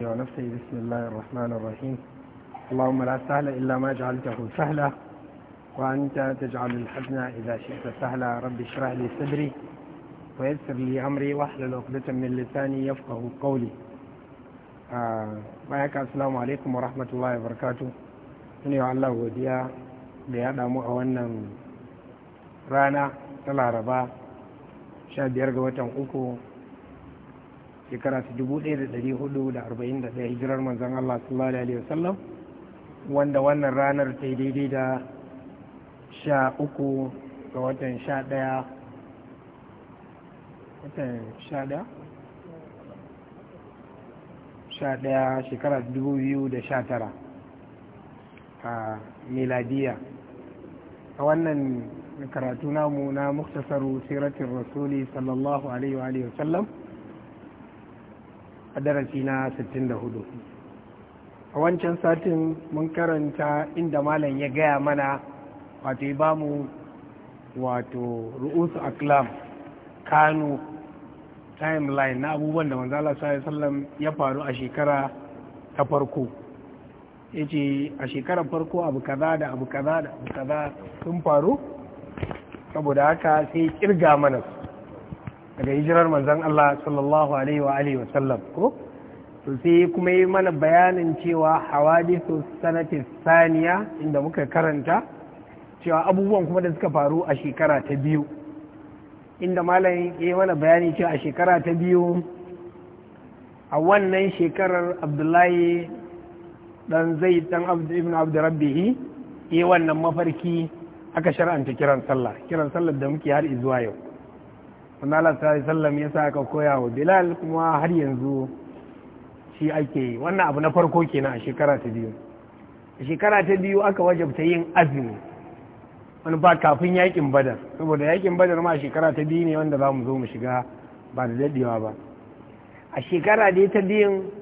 ونفسي بسم الله الرحمن الرحيم اللهم لا سهل إلا ما جعلته سهلا وأنت تجعل الحزن إذا شئت سهلا ربي اشرح لي صدري ويسر لي أمري واحلل عقدة من لساني يفقه قولي آه، معك السلام عليكم ورحمة الله وبركاته إني الله وديا لهذا مؤونا رانا ta laraba شاد ga watan shekara ta 1441 hijirar manzan Allah sallallahu alaihi wasallam wanda wannan ranar ta daidai da sha uku ga watan sha ɗaya watan sha shekara dubu biyu da sha tara a miladiya a wannan karatu namu na muktasaru siratin rasuli sallallahu alaihi wa sallam a darasi na 64 a wancan satin mun karanta inda malam ya gaya mana wato ya ba mu wato ru'usu aklam kano timeline na abubuwan da manzala sallam ya faru a shekara ta farko ya ce a shekarar farko abu kaza da abu kaza da abu kaza sun faru saboda haka sai kirga mana su daga hijirar manzon Allah sallallahu alaihi wa alihi wasallam ko to sai kuma yi mana bayanin cewa hawadithu sanati saniya inda muka karanta cewa abubuwan kuma da suka faru a shekara ta biyu inda malam yi mana bayani cewa a shekara ta biyu a wannan shekarar abdullahi dan zai dan ibn abdurrabbihi yi wannan mafarki aka shar'anta kiran sallah kiran Sallah da muke har zuwa yau Allah sallallahu ya sa aka koya wa Bilal kuma har yanzu shi ake yi wannan abu na farko kenan a shekara ta biyu a shekara ta biyu aka wajabta yin azumi wani ba kafin yakin badar saboda yakin badar ma a shekara ta biyu ne wanda za mu zo mu shiga ba da daɗewa ba a shekara dai ta biyun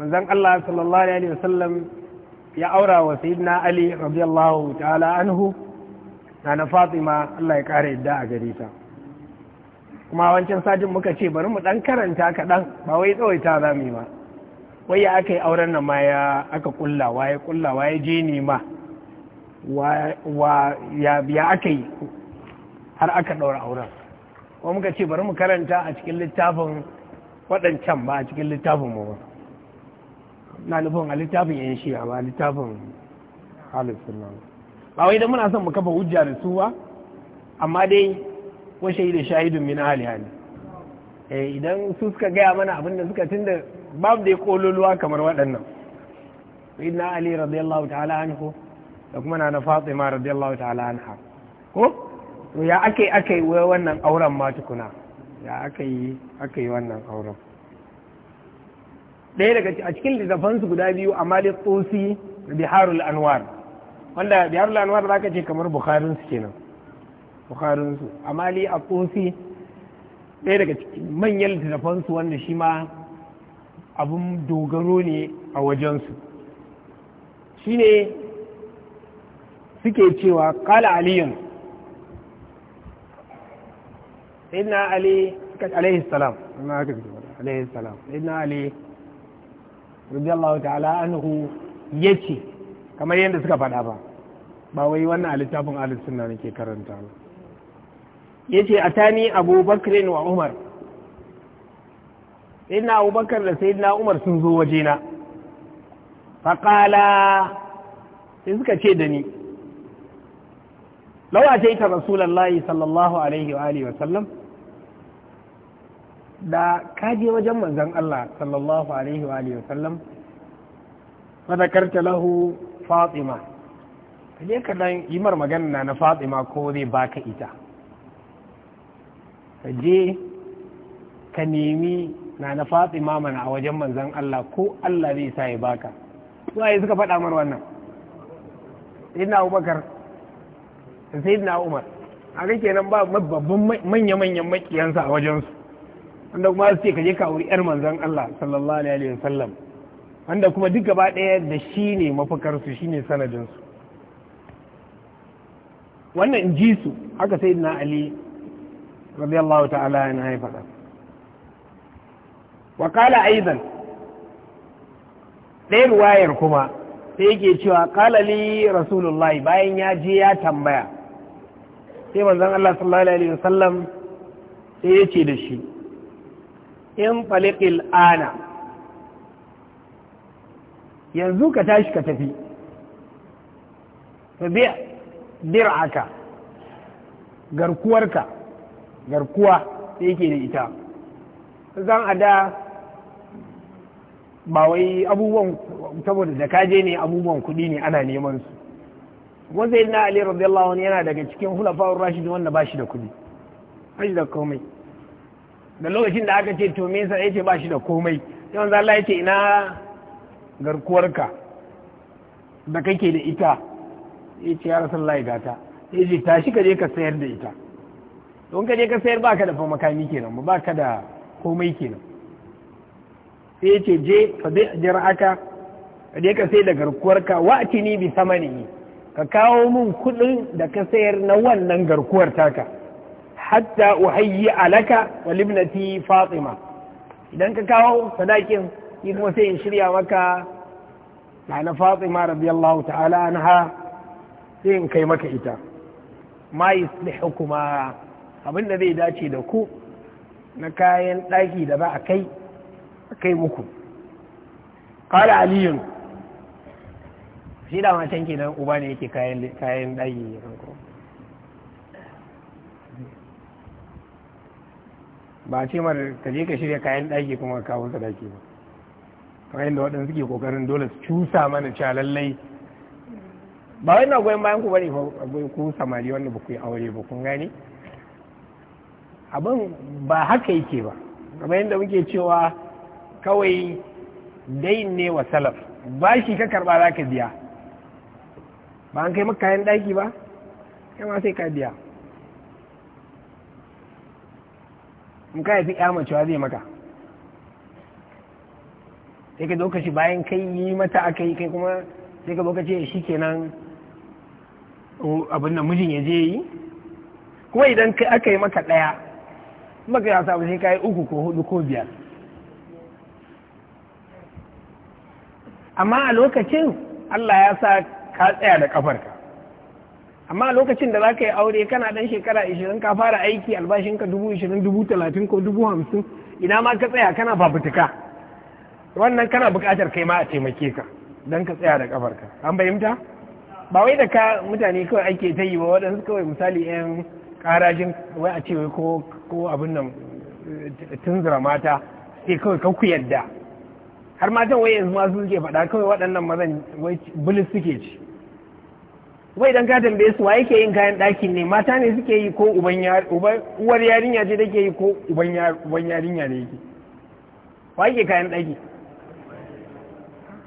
manzon Allah sallallahu alaihi wasallam ya aura wa sayyidina Ali radiyallahu ta'ala anhu na na Fatima Allah ya kare yadda a gare ta kuma wancan satin muka ce bari mu dan karanta kaɗan ba wai tsawaita za mu ba wai ya aka yi auren nan ma ya aka kulla wa ya kulla wa ya je ni ma wa ya aka yi har aka ɗaura auren kuma muka ce bari mu karanta a cikin littafin waɗancan ba a cikin littafin mu ba na nufin a littafin yan shiya ba a littafin halittun nan ba wai da muna son mu kafa hujja da su ba amma dai ko da shahidun min aliha hali eh idan su suka gaya mana abin da suka tunda babu da ya kololuwa kamar waɗannan sayyidina ali radiyallahu ta'ala anhu da kuma na fatima radiyallahu ta'ala anha ko to ya ake akai yi wannan auren ma tukuna ya ake yi aka yi wannan auren ɗaya daga a cikin littafansu guda biyu a malik tsosi da biharul anwar wanda biharul anwar za ka ce kamar bukharinsu kenan bukharin su amma li a tsofi ɗaya daga cikin manyan littattafan su wanda shi ma abun dogaro ne a wajensu shine suke cewa kala aliyun inna ali alayhi salam na salam inna ali radiyallahu ta'ala anhu yace kamar yadda suka faɗa ba ba wai wannan a littafin ahlus sunna nake karanta ba yace atani Abu Bakr wa Umar Ina Abu bakar da sayyidina Umar sun zo wajena faqala sai suka ce da ni lawa ta yi ta rasulallahi sallallahu alaihi wa alihi wasallam da kaje wajen manzon Allah sallallahu alaihi wa alihi wasallam fadakarta lahu fatima kaje ka dan yi mar magana na fatima ko zai baka ita ka je ka nemi na na fatsi mamana a wajen manzan Allah ko Allah zai sa ya baka waye suka faɗa mar wannan sayyidina Abubakar sai Umar a ga kenan ba babban manya-manyan makiyansa a wajensu wanda kuma su ce ka je ka wuri yar manzan Allah sallallahu alaihi wasallam wanda kuma duk gaba ɗaya da shi ne mafakarsu shi ne sanadinsu wannan in ji su haka sai ali radiyallahu ta'ala aizan ɗaya ruwayar kuma sai yake cewa kala li bayan ya je ya tambaya sai manzon Allah sallallahu alaihi wasallam sai ya da shi in faliqil ana yanzu ka tashi ka tafi fa bi dir'aka garkuwarka garkuwa da yake da ita zan a da ba wai abubuwan saboda da kaje ne abubuwan kuɗi ne ana neman su wanda na ali radiyallahu anhu yana daga cikin hulafa'ur rashidu wanda ba shi da kuɗi ba shi da komai da lokacin da aka ce to me yasa yace ba shi da komai yawan zalla yace ina garkuwarka da kake da ita yace ya rasulullahi gata yace tashi ka je ka sayar da ita don ka je ka sayar baka da makami kenan ba ka da komai kenan sai ya ce je fa jir'aka ka je ka sai da garkuwarka wa atini bi samani ka kawo min kuɗin da ka sayar na wannan garkuwar taka hatta uhayyi alaka wa libnati fatima idan ka kawo sadakin shi kuma sai in shirya maka na na fatima radiyallahu ta'ala anha sai in kai maka ita ma yuslihu kuma abin da zai dace da ku na kayan daki da ba a kai a kai muku ƙara aliyun shi da matan nan uba ne yake kayan daki ne kanko ba ce mara ka je ka shirya kayan daki kuma kawo sadaki ba kamar da waɗanda suke kokarin dole su cusa mana cewa lallai ba wai na goyon bayan ku bane ku samari wanda ba ku yi aure ba kun gane abin ba haka yake ba kamar yadda muke cewa kawai dain ne wa salaf bashi ka karɓa za ka biya ba an kai maka kayan ɗaki ba kai ma sai ka biya in ka haifi cewa zai maka sai ka zo ka shi bayan kai yi mata aka yi kai kuma sai ka zo ka ce shi kenan abin da mijin ya je yi kuma idan aka yi maka ɗaya maka ya samu sai kayi uku ko hudu ko biyar amma a lokacin Allah ya sa ka tsaya da kafarka amma a lokacin da za ka yi aure kana dan shekara ishirin ka fara aiki albashinka dubu ishirin dubu talatin ko dubu hamsin ina ma ka tsaya kana fafutuka wannan kana bukatar kai ma a taimake ka don ka tsaya da kafarka an fahimta ba wai da ka mutane kawai ake ta yi ba waɗansu kawai misali 'yan karajin wai a ce wai ko abin nan tunzura mata sai kawai kan ku yadda har matan wai yanzu masu suke faɗa kawai waɗannan mazan wai bulis suke ci wai dan ka tambaye su waye ke yin kayan ɗakin ne mata ne suke yi ko uwar yarinya ce take yi ko uban yarinya ne yake wa ke kayan ɗaki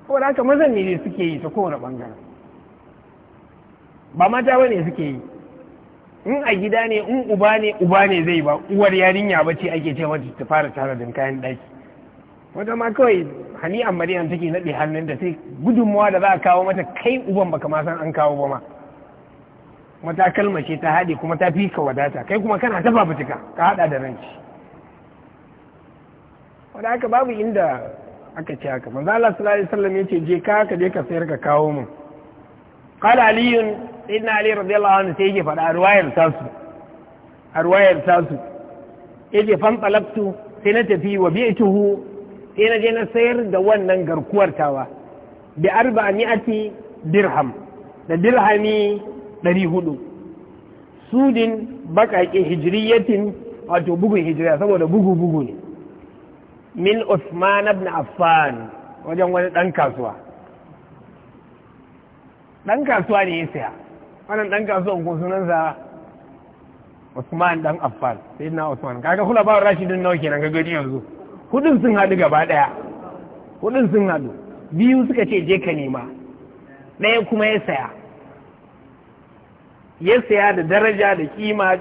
ko da haka mazan ne suke yi ta kowane ɓangare ba mata ba ne suke yi in a gida ne in uba ne uba ne zai ba uwar yarinya ba ce ake ce mata ta fara tara da kayan daki wata ma kawai hani a maryam take naɗe hannun da sai gudunmawa da za a kawo mata kai uban baka ma san an kawo ba ma mata kalmace ta haɗe kuma ta fi ka wadata kai kuma kana ta fafutuka ka haɗa da ranci wadda haka babu inda aka ce haka manzo Allah sallallahu alaihi wasallam yace je ka ka je ka sayar ka kawo mun قال علي سيدنا علي رضي الله عنه سيجي فدا رواية تاسو رواية تاسو يجي فانطلقت سنتفي وبيعته سينا جينا سير دوان ننقر كورتاوا بأربعمائة درهم درهمي دريهدو sudin baƙaƙe hijiriyatin wato bugun hijiriya saboda bugu-bugu ne min Usman ibn Affan wajen wani ɗan kasuwa ɗan kasuwa ne ya saya wannan ɗan kasuwan ko sunansa Usman dan Affan sai na Usman kaga kula ba Rashidun nawa kenan kaga ji yanzu hudun sun hadu gaba daya hudun sun hadu biyu suka ce je ka nema ɗaya kuma ya saya ya saya da daraja da kima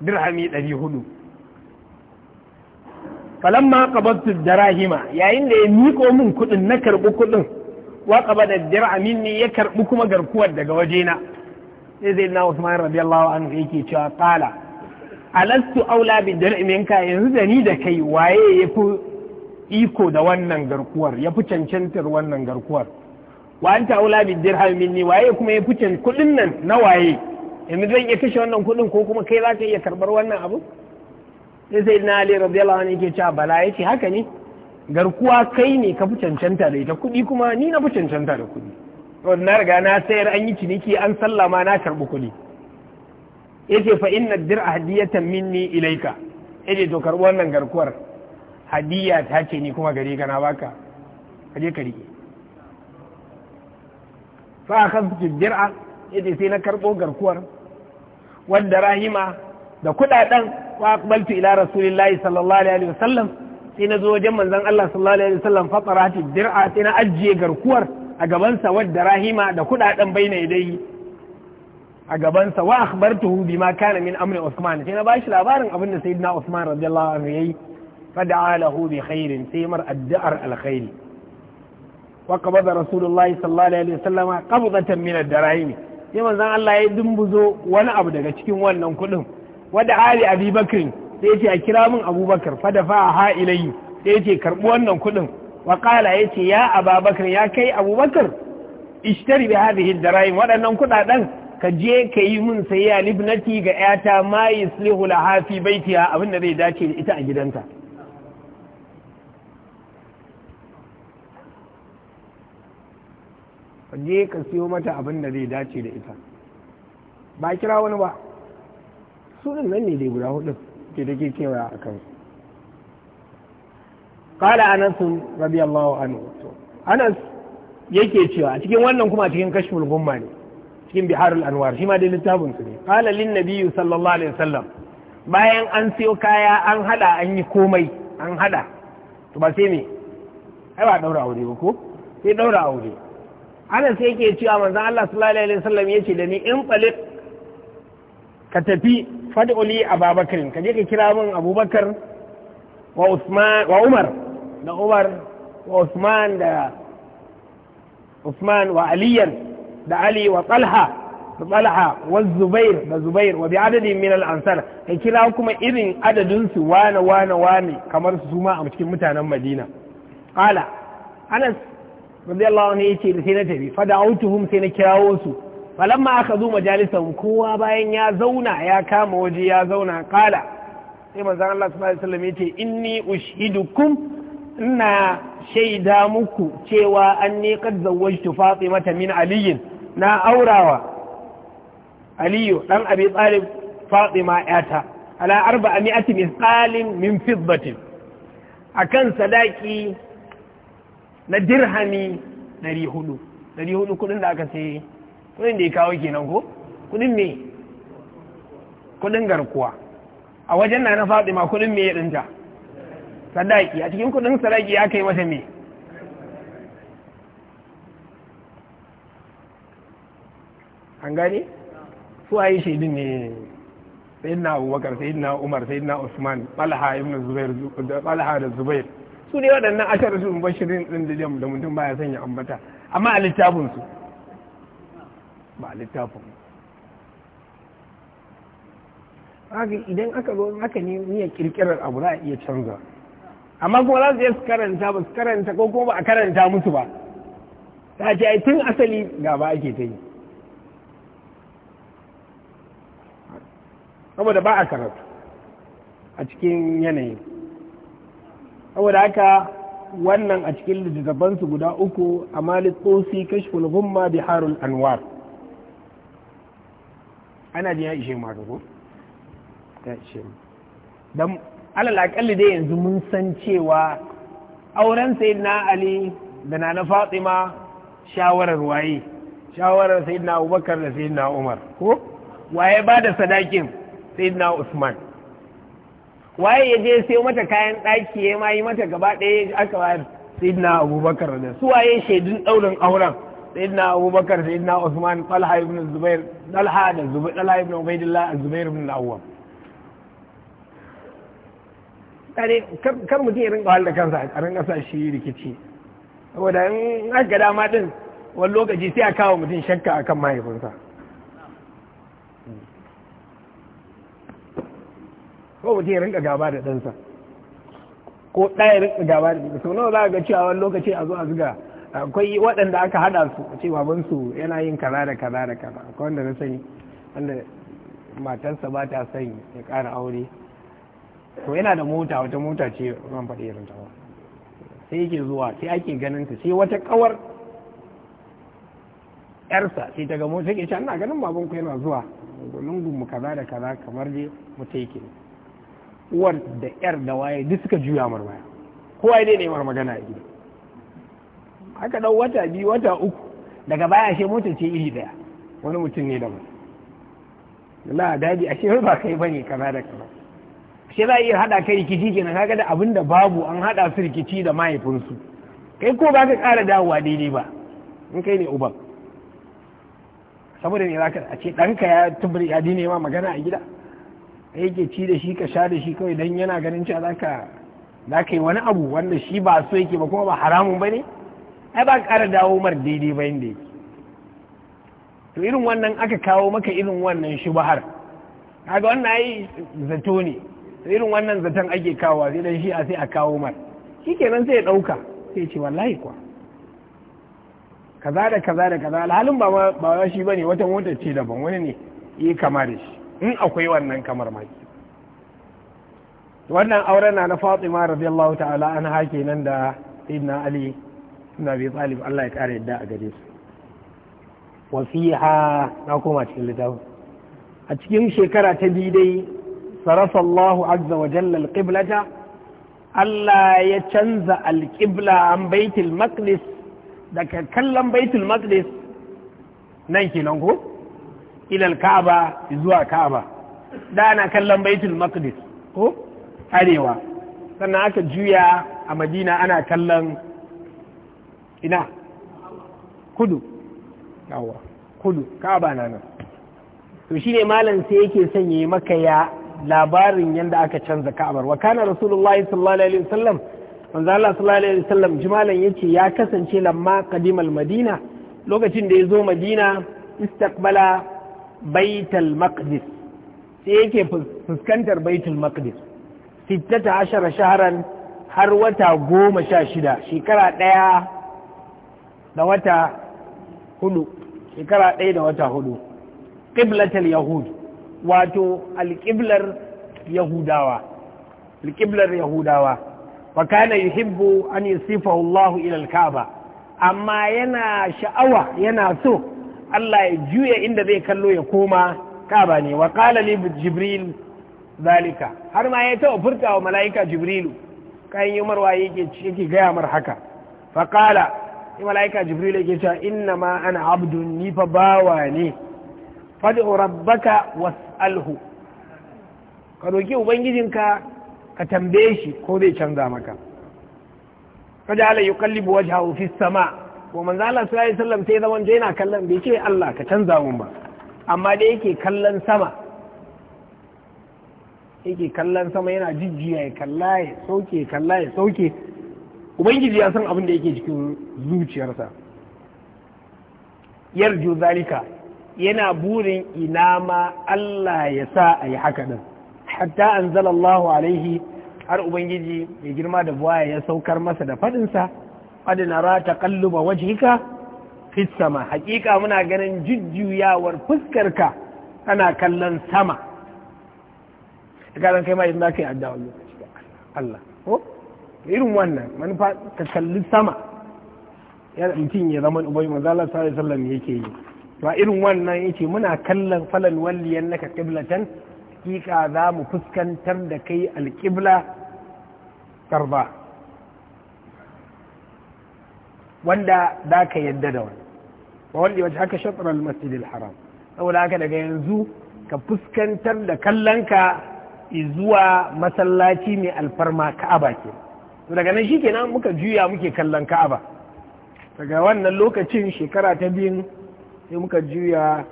dirhami ɗari hudu falamma qabattu darahima yayin da ya miko min kudin na karɓi kudin wa qaba da dir'a minni ya karbi kuma garkuwar daga wajena sai zai na Usman radiyallahu anhu yake cewa qala alastu aula bi dir'i minka yanzu da ni da kai waye yafi iko da wannan garkuwar yafi cancantar wannan garkuwar wa anta aula bi dirham minni waye kuma yafi can kudin nan na waye yanzu zan iya kashe wannan kudin ko kuma kai za ka iya karbar wannan abu sai sai na Ali radiyallahu anhu yake cewa bala ce haka ne garkuwa kai ne ka fi cancanta da ita kuɗi kuma ni na fi cancanta da kuɗi wanda na riga na sayar an yi ciniki an sallah ma na karɓi kuɗi ce fa inna dir'a hadiyatan minni ilaika ce to karɓi wannan garkuwar hadiya ta ce ni kuma gare ka na baka kaje ka riƙe fa akhadtu dir'a ce sai na karɓo garkuwar wadda rahima da kuɗaɗen wa aqbaltu ila rasulillahi sallallahu alaihi wa sallam. sai na zo wajen manzon Allah sallallahu alaihi wasallam fatarati dir'a sai na ajiye garkuwar a gaban sa wadda rahima da kudaden baina dai a gaban gabansa wa akhbartuhu bima kana min amri Usman sai na bashi labarin abin da sayyidina Usman radiyallahu anhu yayi fad'a lahu bi khairin sai mar addu'ar alkhairi wa qabada rasulullahi sallallahu alaihi wasallam qabdatan min ad-darahim sai manzon Allah ya dumbuzo wani abu daga cikin wannan kudin wada ali abi bakrin sai ce a kira min abubakar fada fa ha ilayi sai ce karɓi wannan kuɗin wa kala ya ce ya ababakar ya kai abubakar ishtari bi hadhihi darayin waɗannan kuɗaɗen ka je ka yi min sayya libnati ga yata mai yuslihu laha fi baitiha abin da zai dace da ita a gidanta ka je ka siyo mata abin da zai dace da ita ba kira wani ba su nan ne dai guda hudu ke da kewa a kansu kala anas radiyallahu anhu anas yake cewa a cikin wannan kuma a cikin kashful gumma ne cikin biharul anwar shi ma dai littafin su ne qala lin nabiyyu sallallahu alaihi wasallam bayan an siyo kaya an hada an yi komai an hada to ba sai me ai ba daura aure ba ko sai daura aure ana sai yake cewa manzon Allah sallallahu alaihi wasallam yace da ni in falik ka tafi fad'uli ababakar ka je ka kira min abubakar wa usman wa umar da umar wa usman da usman wa da ali wa talha da talha wa zubair da zubair wa bi adadin min al ansar ka kira kuma irin adadin su wane wane wane kamar su ma a cikin mutanen madina qala anas radiyallahu anhu yace da sai na tafi fada'utuhum sai na kirawo su falamma aka zo majalisan kowa bayan ya zauna ya kama waje ya zauna kala sai manzon Allah sallallahu alaihi wasallam yace inni ushidukum ina shaida muku cewa an ne anni qad zawwajtu mata min aliyin na aurawa aliyu dan abi talib ma yata ala arba'a mi'ati misqalin min fiddatin akan sadaki na dirhami 400 400 kudin da aka sai kudin da ya kawo kenan ko kudin me kudin garkuwa a wajen na na faɗi ma kudin me ya dinta sadaki a cikin kudin sadaki ya kai mata me an gane su a yi shaidin ne na abubakar na umar na usman talha ibn zubair talha da zubair su ne waɗannan ashirin mubashirin din da mutum baya sanya ambata amma a littafinsu. ba littafin ba idan aka zo aka ne niyya kirkirar abu za a iya canza amma kuma za su iya su karanta ba su karanta ko kuma ba a karanta musu ba ta ce ai tun asali ba ake ta yi saboda ba a karatu a cikin yanayi saboda haka wannan a cikin littattafansu guda uku a malitosi tsosi kashful humma anwar ana jin ya ishe mu ko ya ishe mu dan alal akalli dai yanzu mun san cewa auren sayyidina ali da na na fatima shawarar waye shawarar sayyidina abubakar da sayyidina umar ko waye ba da sadakin sayyidina usman waye ya je sai mata kayan ɗaki ya ma yi mata gaba ɗaya aka wayar sayyidina abubakar da su waye shaidun ɗaurin auren sayyidina abubakar sayyidina usman talha ibn zubair talha da zubair talha ibn ubaidillah zubair ibn awwam kare kar mutum ya rinka da kansa a rinka sa shi rikici saboda in aka dama din wani lokaci sai a kawo mutum shakka akan mahaifinsa ko mutum ya rinka gaba da ɗansa ko ɗaya rinka gaba da ɗansa sau nawa za a ga cewa wani lokaci a zo a zuga akwai waɗanda aka haɗa su a ce babansu yana yin kaza da kaza da kaza akwai wanda na sani wanda matarsa ba ta son ya ƙara aure to yana da mota wata mota ce ban faɗi irin ta sai yake zuwa sai ake ganin ta sai wata kawar yarsa sai ta ga mota ke ce ana ganin baban ku yana zuwa lungun mu kaza da kaza kamar je mu take uwar da yar da waye duk suka juya mar baya kowa ne ne mar magana a gida aka ɗau wata biyu wata uku daga baya ashe motar ce iri daya wani mutum ne daban la dadi ashe ba kai bane kaza da kaza ashe za a iya haɗa kai rikici kenan kaga da abin da babu an haɗa su rikici da mahaifinsu kai ko ba ka ƙara dawowa daidai ba in kai ne uban saboda ne za a ce ɗanka ya tubur ya dina ma magana a gida kai yake ci da shi ka sha da shi kawai dan yana ganin cewa Za ka yi wani abu wanda shi ba so yake ba kuma ba haramun ba ne ai ba ƙara dawo mar daidai ba inda yake to irin wannan aka kawo maka irin wannan shubahar kaga wannan ai zato ne irin wannan zaton ake kawo sai dan shi a sai a kawo mar kenan sai ya dauka sai ce wallahi kwa kaza da kaza da kaza alhalin ba ba shi bane wata motar ce daban wani ne yi kama da shi in akwai wannan kamar maki wannan auren na na Fatima radiyallahu ta'ala an hake nan da Sayyidina Ali na bi talib Allah ya kare yadda a gare su wa na koma cikin littafin a cikin shekara ta biyu dai sarafa Allah azza wa jalla alqiblata Allah ya canza alqibla an baitul maqdis daga kallon baitul maqdis nan kenan ko ila kaaba zuwa kaaba da ana kallon baitul maqdis ko arewa sannan aka juya a madina ana kallon ina kudu yawa kudu ka'aba na nan to shine malam sai yake sanye maka ya labarin yadda aka canza ka'abar wa kana rasulullahi sallallahu alaihi wasallam manzo Allah sallallahu alaihi wasallam jimalan yace ya kasance lamma qadimal madina lokacin da ya zo madina istaqbala baitul maqdis sai yake fuskantar baitul maqdis ashara shaharan har wata goma sha shida shekara ɗaya da wata hudu shekara ɗaya da wata hudu ƙiblatar yahud wato alƙiblar yahudawa alƙiblar yahudawa wa kana yuhibbu an yusifahu Allahu ila al-Kaaba amma yana sha'awa yana so Allah ya juya inda zai kallo ya koma Kaaba ne wa qala li Jibril zalika har ma ya taɓa furta wa mala'ika Jibrilu kan yi marwa yake yake gaya mar haka fa qala sai mala'ika jibril yake cewa inna ma ana abdun ni fa bawa ne fad'u rabbaka was'alhu ka roki ubangijinka ka tambaye shi ko zai canza maka kaja ala yuqallibu wajhahu fi sama wa manzo Allah sallallahu alaihi wasallam sai zaman yana kallon bai ce Allah ka canza mun ba amma dai yake kallon sama yake kallon sama yana jijjiya ya kalla ya sauke kalla ya sauke ubangiji ya san abin da yake cikin zuciyarsa yarju zalika yana burin ina ma Allah ya sa a yi haka din hatta an anzalallahu alaihi har ubangiji mai girma da buwaya ya saukar masa da faɗinsa adana ra ta kalluba wajhika fit sama hakika muna ganin jujjuyawar fuskarka tana kallon sama karan kai ma idan za ka yi addu'a lokaci Allah irin wannan manufa ka kalli sama ya mutum ya zama ubai manzala sallallahu alaihi wasallam yake yi to irin wannan yake muna kallon falal walliyan naka qiblatan hakika za mu fuskantar da kai alƙibla tarba wanda za ka yadda da wani wa wanda wajen haka shatarar masjidil haram saboda haka daga yanzu ka fuskantar da kallonka zuwa masallaci mai alfarma ka'aba ke to daga nan shikenan muka juya muke kallon ka'aba daga wannan lokacin shekara ta biyun sai muka juya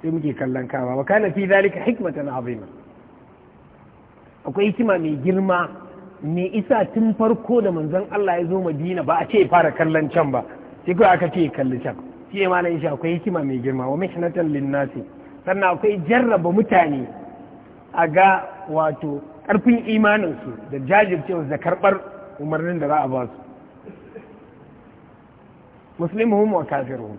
sai muke kallon ka'aba ba kana fi zalika hikmatan azima akwai hikima mai girma me isa tun farko da manzon Allah ya zo Madina ba a ce fara kallon can ba sai kawai aka ce kalli can shi ma nan shi akwai hikima mai girma wa mihnatan linnasi sannan akwai jarraba mutane a ga wato ƙarfin imaninsu da wasu da karɓar umarnin da za a ba su musulmihum wa kafirhum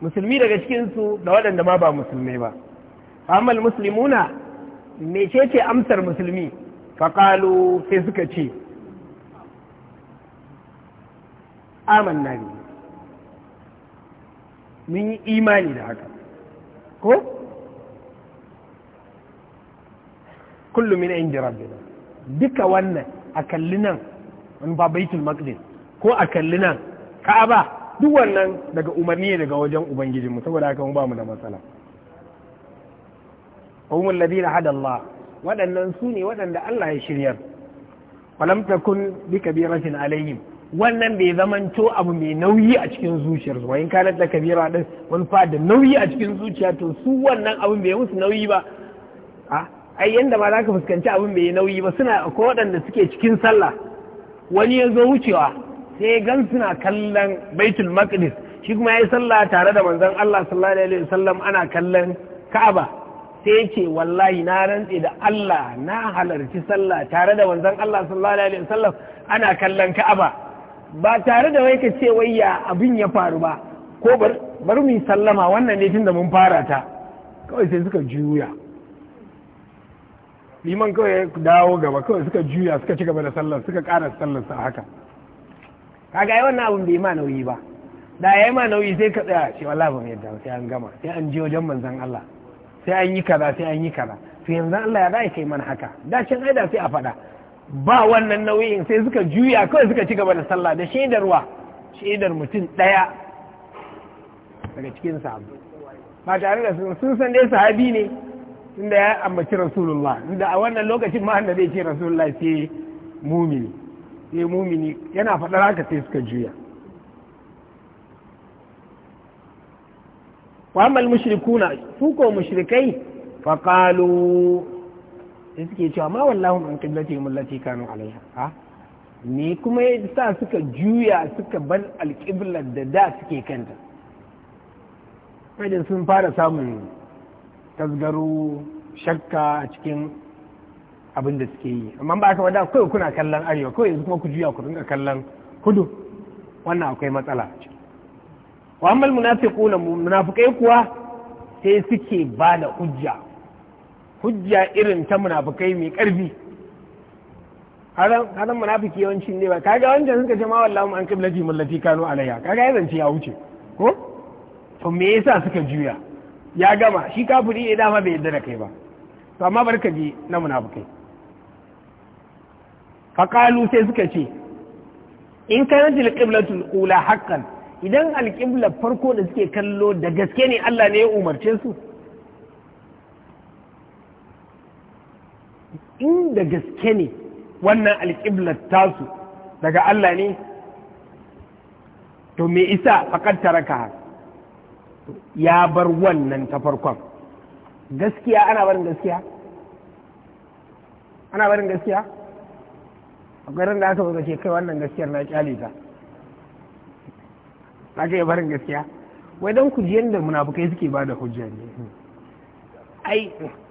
musulmi daga cikinsu da waɗanda ma ba musulmai ba amal musulmuna ce amsar musulmi faƙalu sai suka ce amanna ne mun yi imani da haka ko kullu min indi rabbina duka wannan a kalli nan in ba baitul maqdis ko a kalli nan ka'aba duk wannan daga umarni daga wajen ubangijinmu saboda haka mu ba mu da matsala هم الذين هدى الله ولن ننسوني ولن الله يشرير ولم تكن بكبيرة alaihim wannan bai zamanto abu mai nauyi a cikin zuciyar su wayin kanar da kabira din wani da nauyi a cikin zuciya to su wannan abu bai musu nauyi ba ai yanda ba za ka fuskanci abin mai nauyi ba suna ko waɗanda suke cikin sallah wani ya zo wucewa sai gan suna kallon baitul maqdis shi kuma ya yi sallah tare da manzon Allah sallallahu alaihi wasallam ana kallon Ka'aba sai ce wallahi na rantse da Allah na halarci sallah tare da manzon Allah sallallahu alaihi wasallam ana kallon Ka'aba ba tare da wai ka ce wai ya abin ya faru ba ko bar mu sallama wannan ne tunda mun fara ta kawai sai suka juya liman kawai ya dawo gaba kawai suka juya suka ci gaba da sallar suka ƙara sallar sa haka kaga yi wannan abin bai ma nauyi ba da yi ma nauyi sai ka tsaya ce wallahi ba mu yadda sai an gama sai an je wajen manzon Allah sai an yi kaza sai an yi kaza to yanzu Allah ya zai kai mana haka da can aida sai a faɗa ba wannan nauyin sai suka juya kawai suka ci gaba da sallah da shaidarwa shaidar mutum ɗaya daga cikin sahabi ba tare da sun san dai sahabi ne inda ya ambaci rasulullah inda a wannan lokacin ma annabi ya ce rasulullah sai mumini sai mumini yana faɗar haka sai suka juya wa'amal mushrikuna su ko mushrikai faƙalu da suke cewa ma wallahu an kiblati mullati kanu alaiha ha ni kuma yasa suka juya suka ban alƙiblar da da suke kanta wajen sun fara samun tasgaro shakka a cikin abin da suke yi amma ba aka wada kawai kuna kallon arewa kawai yanzu kuma ku juya ku dinga kallon kudu wannan akwai matsala wa ammal munafiquna munafiqai kuwa sai suke ba da hujja hujja irin ta munafiqai mai karfi haran munafiki yawanci ne ba kaga wancan suka ce ma wallahi an qiblati mallati kanu alayya kaga ya zance ya wuce ko to me yasa suka juya ya gama shi kafiri ya dama bai yadda da kai ba to amma bar ka ji na munafukai qalu sai suka ce in kana qiblatul ula haqqan idan qibla farko da suke kallo da gaske ne Allah ne ya umarce su in da gaske ne wannan alqiblar tasu daga Allah ne to me isa faqad taraka ya bar wannan ta farkon gaskiya ana barin gaskiya ana barin gaskiya akwai ran da aka zo ce kai wannan gaskiyar na kyale ta na ce barin gaskiya wai don ku jiyan da munafukai suke ba da hujja ne ai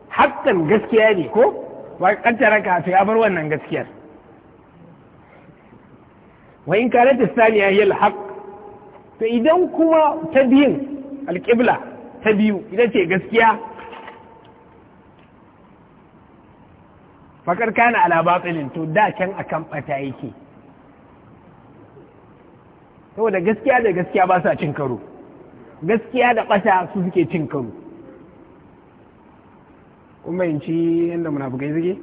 hakan gaskiya ne ko ba kanta ka to ya bar wannan gaskiyar wa in kana ta saniya yal haq to idan kuma ta biyin alƙibla ta biyu ita ce gaskiya fakar kana ala to da can akan bata yake saboda gaskiya da gaskiya ba sa cin karo gaskiya da bata su suke cin karo kuma yin ci yadda munafukai suke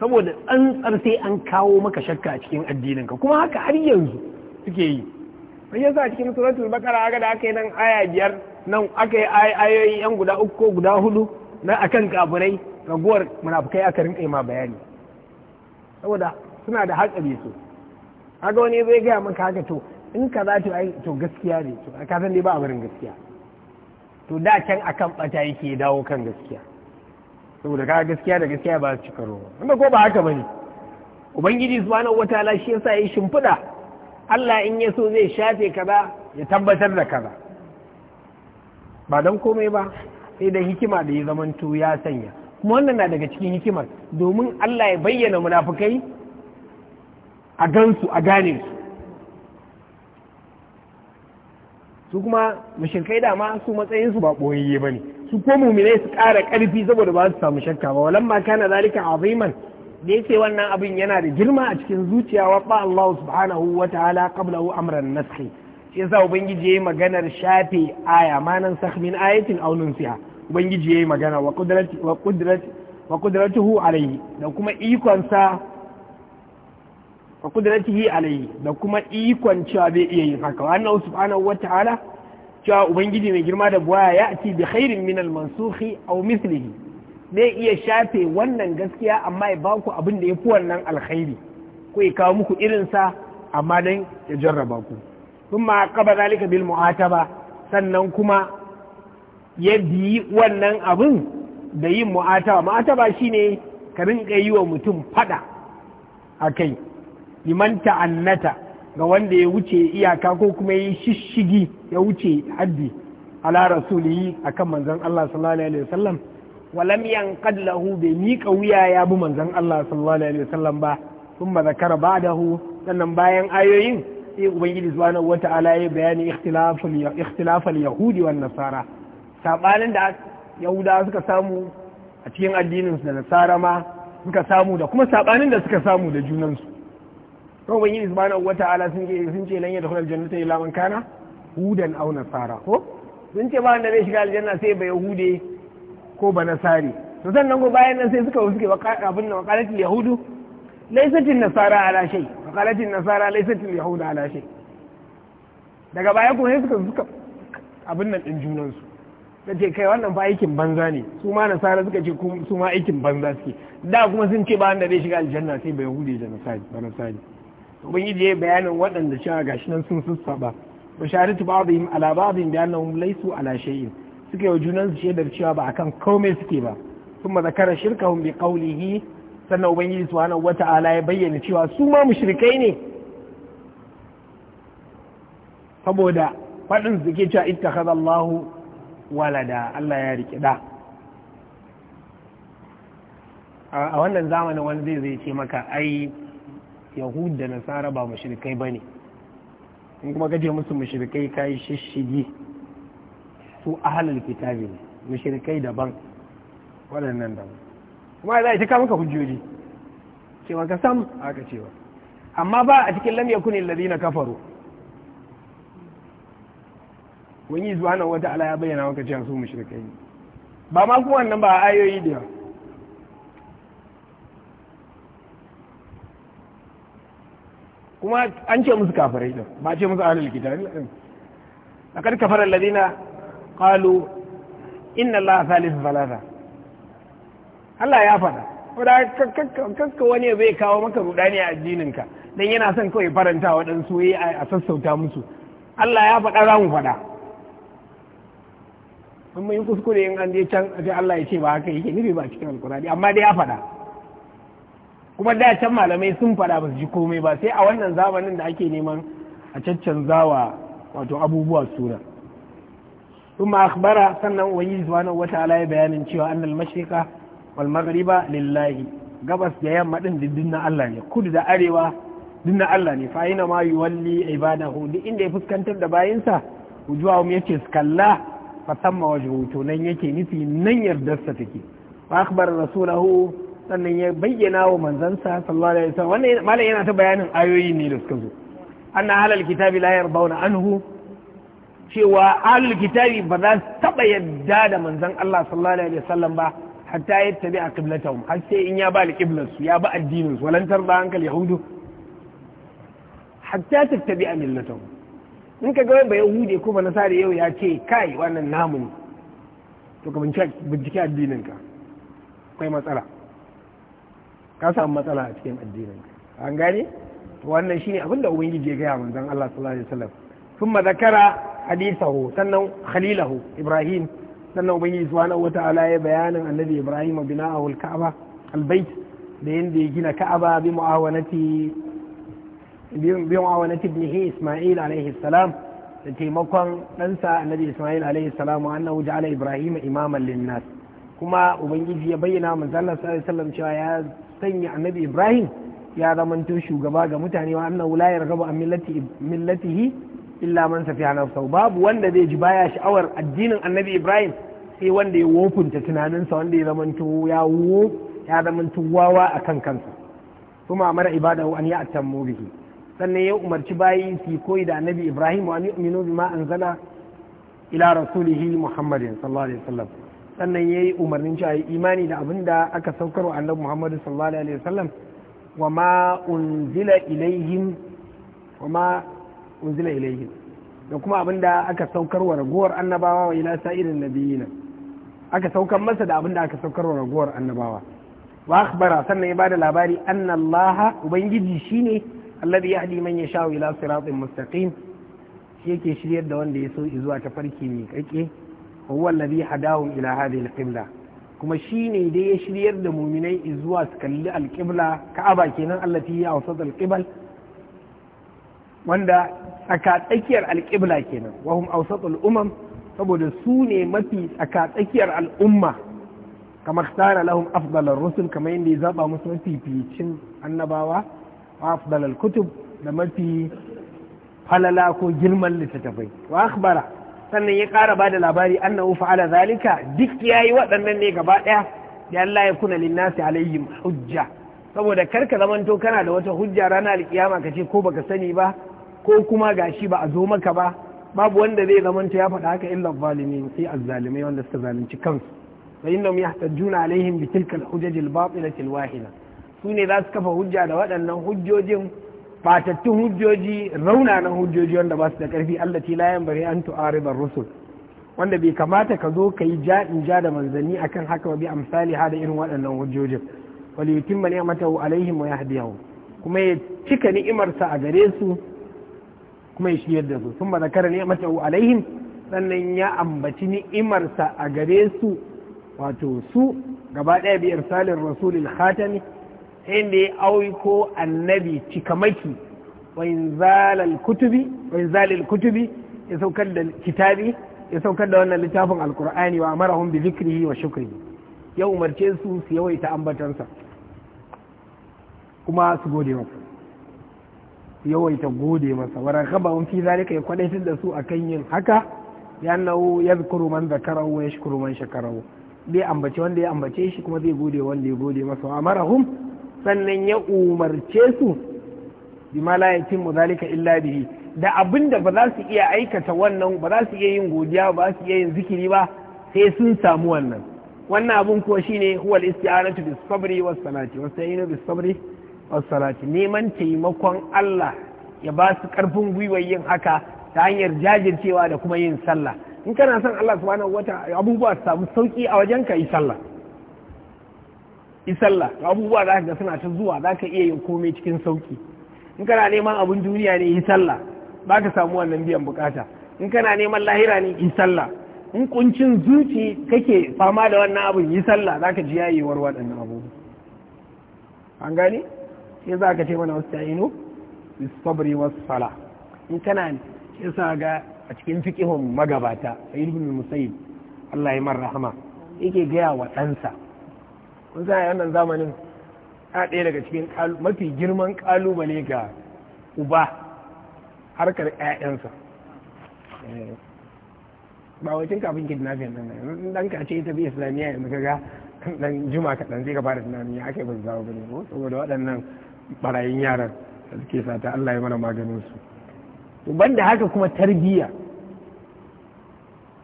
saboda tsantsar sai an kawo maka shakka a cikin addininka kuma haka har yanzu suke yi sai yasa cikin suratul bakara aga da aka yi nan aya biyar nan aka yi ayoyi yan guda uku ko guda hudu na akan kafirai raguwar munafukai aka rinka ma bayani saboda suna da hatsari su haka wani zai gaya maka haka to in ka za to ai to gaskiya ne to ka san dai ba a barin gaskiya to da can akan bata yake dawo kan gaskiya saboda kaga gaskiya da gaskiya ba su cika ruwa wanda ko ba haka bane ubangiji subhanahu wataala shi yasa ya shimfiɗa Allah in ya zai shafe kaza ya tabbatar da kaza ba don komai ba sai da hikima da ya zamanto ya sanya kuma wannan na daga cikin hikimar domin Allah ya bayyana munafukai a gansu a gane su su kuma mashirkai dama su matsayinsu ba ɓoyayye ba ne su ko muminai su ƙara ƙarfi saboda ba su samu shakka ba walamma kana zalika aziman da yake wannan abin yana da girma a cikin zuciya wa ba Allah subhanahu wa ta'ala qabla qablahu amran naskhi shi yasa ubangiji yayi maganar shafe aya manan sakh min ayatin aw nunsiha ubangiji yayi magana wa qudrati wa qudrati wa qudratuhu alayhi da kuma ikon sa wa qudratihi alayhi da kuma ikon cewa zai iya yin haka wannan subhanahu wa ta'ala cewa ubangiji mai girma da buwaya ya ati bi khairin min al-mansukhi aw mithlihi zai iya shafe wannan gaskiya amma ya ba ku abin da ya fi wannan alkhairi ko ya kawo muku irinsa amma don ya jarraba ku sun ma kaba zalika bil mu'ataba sannan kuma ya biyi wannan abin da yin mu'ataba mu'ataba shine ka rinka yi wa mutum fada a kai Limanta ta'annata ga wanda ya wuce iyaka ko kuma ya shishigi ya wuce haddi ala rasulihi akan manzon Allah sallallahu alaihi wasallam walam yanqad lahu bai mika wuya ya bi manzon Allah sallallahu alaihi wasallam ba thumma zakara ba'dahu sannan bayan ayoyin sai ubangiji subhanahu wata'ala ya bayani ikhtilaful ikhtilafal yahudi wan nasara sabanin da yahuda suka samu a cikin addinin su da suka samu da kuma sabanin da suka samu da junansu to ubangiji subhanahu wata'ala sun ce sun ce lan yadkhulul jannata illa man kana hudan aw nasara ko sun ce ba da zai shiga aljanna sai ko ba nasari to sannan ko bayan nan sai suka suke abin da wakalatin yahudu laisatin nasara ala shai makalatin nasara laisatin yahudu ala shai daga baya kuma sai suka suka abin nan din junansu ta ce kai wannan fa aikin banza ne su ma nasara suka ce su ma aikin banza suke da kuma sun ce ba wanda zai shiga aljanna sai bai yahudu da nasari ba nasari yi ya bayanin waɗanda cewa gashi nan sun sassaba wa shahadatu ba'dihim ala ba'dihim bi annahum laysu ala shay'in suka wa junan su shaidar cewa ba akan komai suke ba sun ma zakara hun bi kaulihi sannan ubangiji wata ala ya bayyana cewa su ma mushrikai ne saboda faɗin su ke cewa ita kaza Allahu walada Allah ya rike da a wannan zamanin wani zai zai ce maka ai yahud da nasara ba mushrikai ne, in kuma gaje musu mushrikai kai shishigi su ahalul kitabi ne mashirkai daban waɗannan daban kuma za a cika maka hujjoji cewa ka sam aka cewa amma ba a cikin kuni yakun na kafaru wani subhanahu wata ya bayyana maka cewa su mashirkai ne ba ma kuma wannan ba a ayoyi da yawa kuma an ce musu kafarai din ba ce musu ahlul kitabi a kan kafarar alladhina qalu inna allaha thalithu thalatha Allah ya faɗa wadda kakka wani ya bai kawo maka rudani a addininka dan yana son kawai faranta wa dan soyayya a sassauta musu Allah ya faɗa zamu mu amma in kuskure in an je can sai Allah ya ce ba haka yake nufi ba cikin alkurani amma dai ya faɗa kuma da can malamai sun faɗa ba su ji komai ba sai a wannan zamanin da ake neman a caccan zawa wato abubuwa sura ثم أخبر سنة وبنجي سبحانه وتعالى بيان شوى أن المشرق والمغرب لله gabas da yamma din diddin na Allah ne kudu da arewa din na Allah ne fa ina ma yuwalli ibadahu duk inda ya fuskantar da bayinsa wujuhum yake kalla fa tamma wajhu to nan yake nufi nan yardarsa take fa akhbar rasulahu sannan ya bayyana wa manzansa sallallahu alaihi wasallam wannan malam yana ta bayanin ayoyi ne da suka zo anna halal kitabi la yarbawna anhu cewa ahlul kitabi ba za su taba yadda da manzon Allah sallallahu alaihi wasallam ba hatta ya tabi a qiblatahum har sai in ya ba alqiblar su ya ba addinin su walantar da hankal yahudu hatta tattabi a millatahum in ka ga ba yahude ko ba nasara yau ya ce kai wannan namu ne to ka bincike addinin ka akwai matsala ka samu matsala a cikin addinin ka an gane wannan shine abinda da ubangiji ya gaya manzon Allah sallallahu alaihi wasallam ثم ذكر hadisahu sannan khalilahu ibrahim sannan ubangiji subhanahu wata'ala ya bayanin annabi ibrahim bina'ahu al-ka'aba al-bait da yanda ya gina ka'aba bi mu'awanati bi mu'awanati ibnihi isma'il alayhi salam da taimakon ɗansa annabi isma'il alayhi salam wa annahu ja'ala ibrahim imaman linnas kuma ubangiji ya bayyana manzon Allah sallallahu alaihi wasallam cewa ya sanya annabi ibrahim ya zamanto shugaba ga mutane wa annahu la yarghabu an millati millatihi illa man safiya nafsahu babu wanda zai ji baya sha'awar addinin annabi ibrahim sai wanda ya wofinta tunaninsa wanda ya zamanto ya ya zamanto wawa a kan kansa kuma mara ibadahu an ya bihi sannan ya umarci bayi su koyi da annabi ibrahim wa an yu'minu bima anzala ila rasulihi muhammadin sallallahu alaihi wasallam sannan ya yi umarnin cewa yi imani da abin da aka saukar wa annabi muhammadu sallallahu alaihi wasallam wa ma unzila ilaihim wa ma unzila ilayhi da kuma abin da aka saukar wa ragowar annabawa wa ila sa'irin nabiyina aka saukar masa da abin da aka saukar wa ragowar annabawa wa akhbara sannan ya bada labari anna ubangiji shine alladhi yahdi man yasha ila siratin mustaqim shi yake shiryar da wanda ya so zuwa ta farki mai kake huwa alladhi hadahum ila hadhihi alqibla kuma shine dai ya shiryar da muminai zuwa su kalli alqibla ka'aba kenan allati ya awsat alqibal wanda tsaka tsakiyar alƙibla kenan wahum ausa umam saboda su ne mafi tsaka tsakiyar al'umma kamar tsara lahum afdalar rusul kamar yadda ya zaba musu mafificin annabawa wa afdalar kutub da mafi falala ko girman littattafai wa akhbara sannan ya ƙara ba da labari annahu fa'ala zalika duk yayi waɗannan ne gaba ɗaya da Allah ya kuna linnasi alaihim hujja saboda karka zamanto kana da wata hujja ranar kiyama ka ce ko baka sani ba ko kuma gashi ba a zo maka ba babu wanda zai zamanta ya faɗa haka illa zalimin sai azzalimai wanda suka zalunci kansu fa innahum yahtajuna alaihim bi tilka al-hujaj al-batilati al-wahida su ne za su kafa hujja da waɗannan hujjojin fatattun hujjoji raunanan hujjoji wanda ba su da ƙarfi allati la yanbaghi an tu'arida rusul wanda bai kamata ka zo ka yi ja in ja da manzanni akan haka bi amsali ha da irin waɗannan hujjojin wal yutimma ni'matahu alaihim wa yahdihum kuma ya cika ni'imarsa a gare su kuma ya shiyar da su sun ba zakara ne mata alaihim sannan ya ambaci ni'imarsa a gare su wato su gaba ɗaya biyar salin rasulun khatami inda ya auko annabi cikamaki wa kutubi kutubi ya saukar da kitabi ya saukar da wannan littafin alkur'ani wa mara bi zikrihi wa ya umarce su su yawaita ambatansa kuma su gode masa yawaita gode masa wa raghaba fi zalika ya kwadaitar da su akan yin haka ya annahu yadhkuru man zakarahu wa yashkuru man shakarahu zai ambace wanda ya ambace shi kuma zai gode wanda ya gode masa wa marahum. sannan ya umarce su bima la yatimmu zalika illa bihi da abinda ba za su iya aikata wannan ba za su iya yin godiya ba za su iya yin zikiri ba sai sun samu wannan wannan abin kuwa shine huwal isti'anatu bis sabri was salati was ta'inu bis sabri wasalati neman taimakon Allah ya ba su ƙarfin gwiwar yin haka ta hanyar jajircewa da kuma yin sallah in kana son Allah subhanahu wata abubuwa su samu sauki a wajen ka yi sallah yi sallah abubuwa za ka ga suna ta zuwa za ka iya yin komai cikin sauki in kana neman abin duniya ne yi sallah ba ka samu wannan biyan bukata in kana neman lahira ne yi sallah in kuncin zuci kake fama da wannan abin yi sallah za ka ji yayewar waɗannan abubuwa an gani? sai za ka ce mana wasu ta'inu bisabri wasu sala in kana sai sa ga a cikin fikihun magabata sayyid ibn musayi Allah ya rahama yake gaya wa ɗansa kun san wannan zamanin a ɗaya daga cikin mafi girman kalubale ga uba harkar ƴaƴansa eh, ba wacin kafin kidnapping ɗin nan dan ka ce ta bi islamiyya yanzu kaga dan juma kaɗan zai ka fara tunani ya aka yi ba zawo bane ko saboda waɗannan barayin yaran da suke sata Allah ya mana maganin su to banda haka kuma tarbiya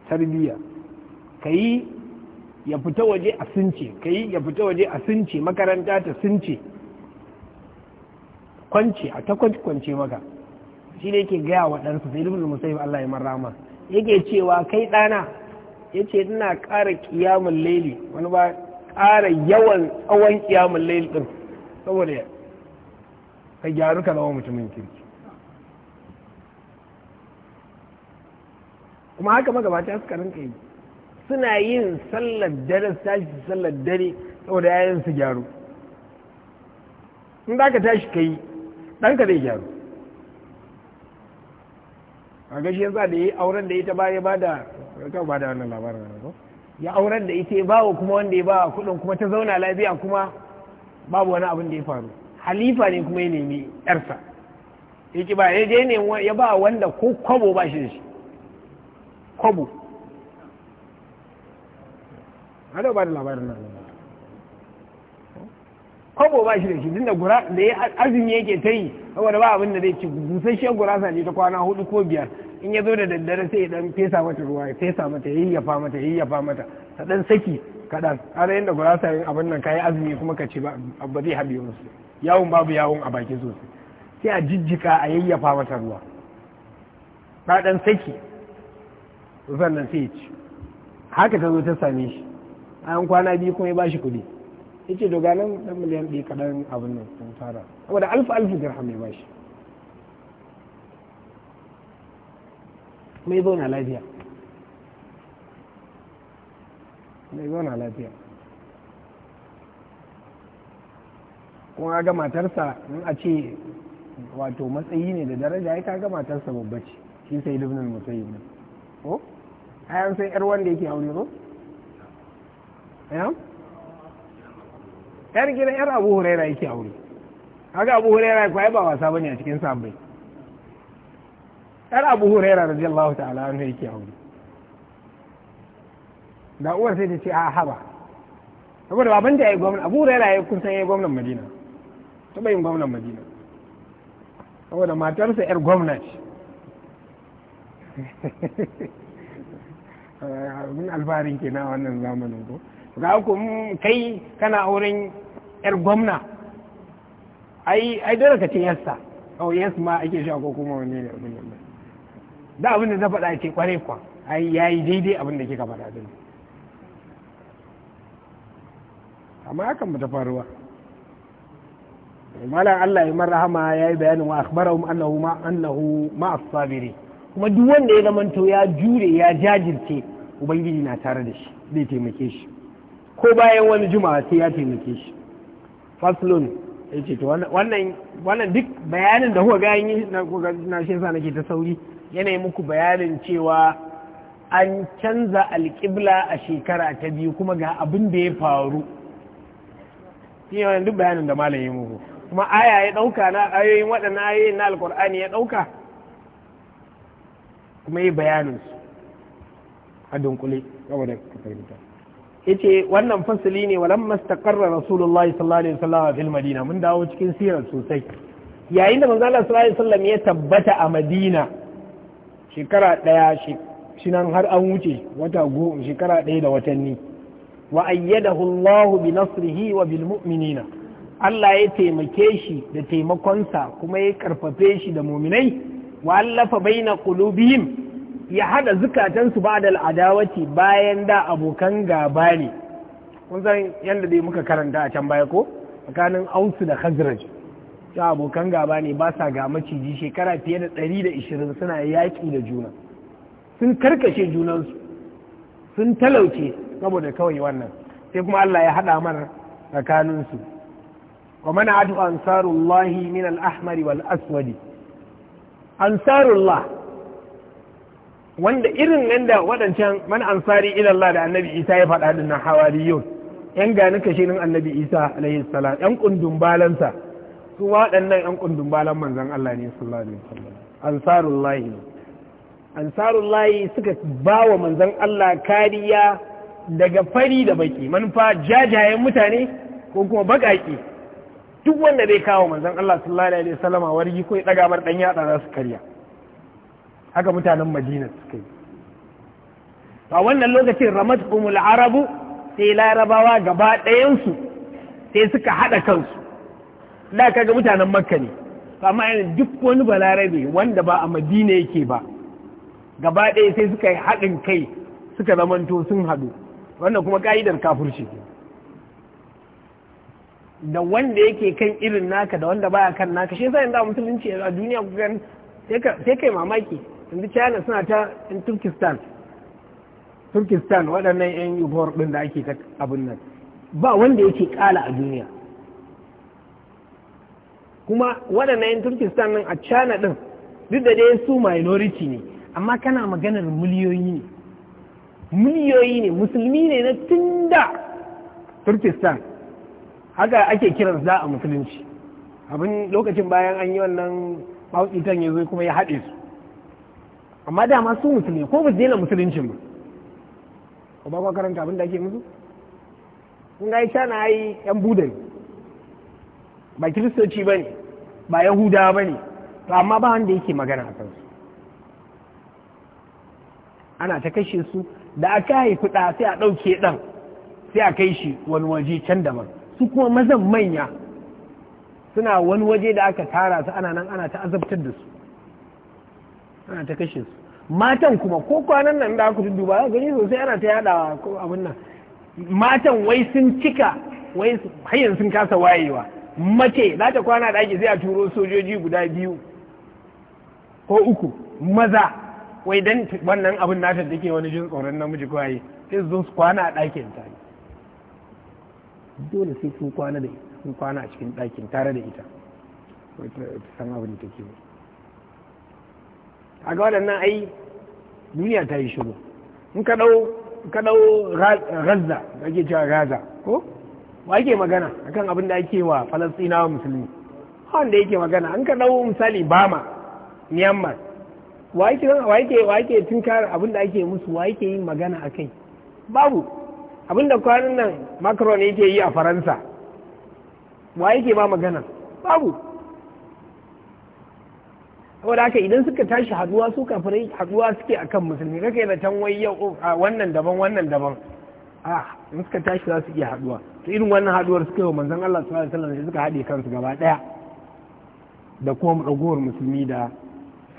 tarbiya kayi ya fita waje a sunce kayi ya fita waje a sunce makaranta ta sunce kwance a ta kwance maka shi ne yake gaya wa ɗansa sai ibn musayi Allah ya marrama yake cewa kai ɗana ya ce ina ƙara ƙiyamun laili wani ba ƙara yawan tsawon ƙiyamun laili ɗin saboda ka gyaru ka zama mutumin kirki kuma haka magabata suka rinka yi suna yin sallar dare su tashi su sallar dare saboda yayin su gyaru in ba ka tashi ka yi ɗanka zai gyaru a gashi yanzu da ya yi auren da ita ba ya bada ka ba da wannan labarin na ko ya auren da ita ya bawa kuma wanda ya ba kuɗin kuma ta zauna lafiya kuma babu wani abin da ya faru halifa ne kuma ya nemi yarsa ki ba ya ne ya ba wanda ko kwabo ba shi shi kwabo hada ba da labarin nan kwabo ba shi da shi tunda gura da ya arzini yake ta yi saboda ba abin da zai ci busasshen gurasa ne ta kwana hudu ko biyar in ya zo da daddare sai ya dan fesa mata ruwa ya fesa mata ya yayyafa mata ya yayyafa mata ta dan saki kaɗan har yadda gurasa yin abin nan ka yi azumi kuma ka ci ba zai habi musu yawon babu yawon a bakin sosai sai a jijjika a yayyafa mata ruwa ɗaɗan saki sannan sai ya ci haka ta zo ta same shi yan kwana biyu kuma ya bashi kuɗi ya to ganan ɗan miliyan ɗaya kaɗan abin nan sun fara saboda alfu alfa dirham ya shi. mai zauna lafiya mai zauna lafiya kuma ga matarsa in a ce wato matsayi ne da daraja ya kaga matarsa babba ce shi sai ibn al-musayyib ne ko an sai yar wanda yake aure ko yar gidan yar abu huraira yake aure kaga abu huraira ko ai ba wasa bane a cikin sabai yar abu huraira radiyallahu ta'ala an yake aure da uwar sai ta ce a haba saboda baban da ya yi gwamna abu huraira ya kusan ya yi gwamnan madina taɓa yin gwamnan madina saboda matarsa 'yar gwamna ce min alfarin ke na wannan zamanin ko ga ku mm, kai kana auren 'yar gwamna ai dole ka ce yassa oh yes ma ake shi ko kuma wani ne abin yamma da abin da zafaɗa ce kware kwa ai yi daidai abin da kika faɗa din amma hakan ba ta faruwa mala Allah ya marhama ya yi bayanin wa akhbarahum annahu ma annahu ma as-sabiri kuma duk wanda ya zamanto ya jure ya jajirce ubangiji na tare da shi zai taimake shi ko bayan wani juma'a sai ya taimake shi faslun ya ce to wannan wannan duk bayanin da kuka gani na kuka na shi yasa nake ta sauri yanayi muku bayanin cewa an canza alƙibla a shekara ta biyu kuma ga abin da ya faru shi duk bayanin da malamin muku kuma aya ya ɗauka na ayoyin waɗannan ayoyin na alkur'ani ya ɗauka kuma yi bayanin su a dunkule kawai da ka fahimta yace wannan fasali ne walam mastaqarra rasulullahi sallallahu alaihi wasallam fil madina mun dawo cikin sirar sosai yayin da manzo Allah sallallahu alaihi wasallam ya tabbata a madina shekara ɗaya shi nan har an wuce wata goma shekara ɗaya da watanni wa ayyadahu Allah bi nasrihi wa bil mu'minina Allah ya taimake shi da taimakonsa kuma ya karfafe shi da muminai wa baina qulubihim ya hada zukatansu ba da al'adawati bayan da abokan gaba ne kun san yadda dai muka karanta a can baya ko tsakanin ausu da khazraj ya abokan gaba ne ba sa ga maciji shekara fiye da ɗari da ishirin suna yaƙi da juna sun karkashe junansu sun talauce saboda kawai wannan sai kuma Allah ya haɗa mana tsakaninsu wa mana adu ansarullahi min al-ahmari wal aswadi ansarullah wanda irin nan da waɗancan man ansari ilallah da annabi isa ya faɗa din nan hawariyun yan gani kashinin annabi isa alaihi salam yan kundun balansa su waɗannan yan kundun balan manzon Allah ne sallallahu alaihi wasallam ansarullahi ansarullahi suka ba wa manzon Allah kariya daga fari da baki manufa jajayen mutane ko kuma baƙaƙe duk wanda zai kawo manzon Allah sallallahu alaihi wasallam wargi ko ya daga bar dan yada za su karya haka mutanen Madina suka yi a wannan lokacin umul arabu sai larabawa gaba ɗayansu sai suka haɗa kansu da kaga mutanen makka ne amma duk wani balarabe wanda ba a madina yake ba gaba ɗaya sai suka yi haɗin kai suka zamanto sun haɗu wannan kuma ka'idar kafurci ce. da wanda yake kan irin naka da wanda baya kan naka shi yasa yanzu musulunci a duniya kukan sai kai mamaki yanzu china suna ta in turkistan turkistan waɗannan yan yubuwar ɗin da ake ta abin nan ba wanda yake ƙala a duniya kuma waɗannan yan turkistan nan a china ɗin duk da dai su minority ne amma kana maganar miliyoyi ne miliyoyi ne musulmi ne na tun da turkistan haka ake kiran za a musulunci abin lokacin bayan an yi wannan mawukitan ya zo kuma ya haɗe su amma dama su musulmi ko ba su daina musuluncin ba ko ba karanta abin da ake musu kun ga ita na yi yan budan ba kiristoci ba ne ba yahudawa ba ne to amma ba wanda yake magana a kansu ana ta kashe su da aka haifi ɗa sai a ɗauke ɗan sai a kai shi wani waje can daban su kuma mazan manya suna wani waje da aka tara su ana nan ana ta azabtar da su ana ta kashe su matan kuma ko kwanan nan da aka duba za gani sosai ana ta yada ko abin nan matan wai sun cika wai hayan sun kasa wayewa mace za ta kwana da ake sai a turo sojoji guda biyu ko uku maza wai dan wannan abin nata da ke wani jin tsoron namiji kwaye sai su zo su kwana a ɗakin ta dole sai sun kwana da sun kwana a cikin ɗakin tare da ita wata san abin da take a ga waɗannan ai duniya ta yi shiru in ka ɗau ka ɗau gaza da ake cewa gaza ko wa ake magana akan abin da ake wa falastinawa musulmi wanda yake magana an ka ɗau misali bama myanmar wa ake wa yake wa tunkar abin da ake musu wa ake yin magana akai babu abinda kwanan nan macron yake yi a faransa wa yake ba magana babu saboda haka idan suka tashi haduwa su kafirai haduwa suke akan musulmi kaka yana can wai yau oh, wannan daban wannan daban a in suka tashi za su iya haduwa to irin wannan haduwar suka yi wa manzon Allah sallallahu alaihi wasallam suka haɗe kansu gaba ɗaya da kuma ragowar musulmi da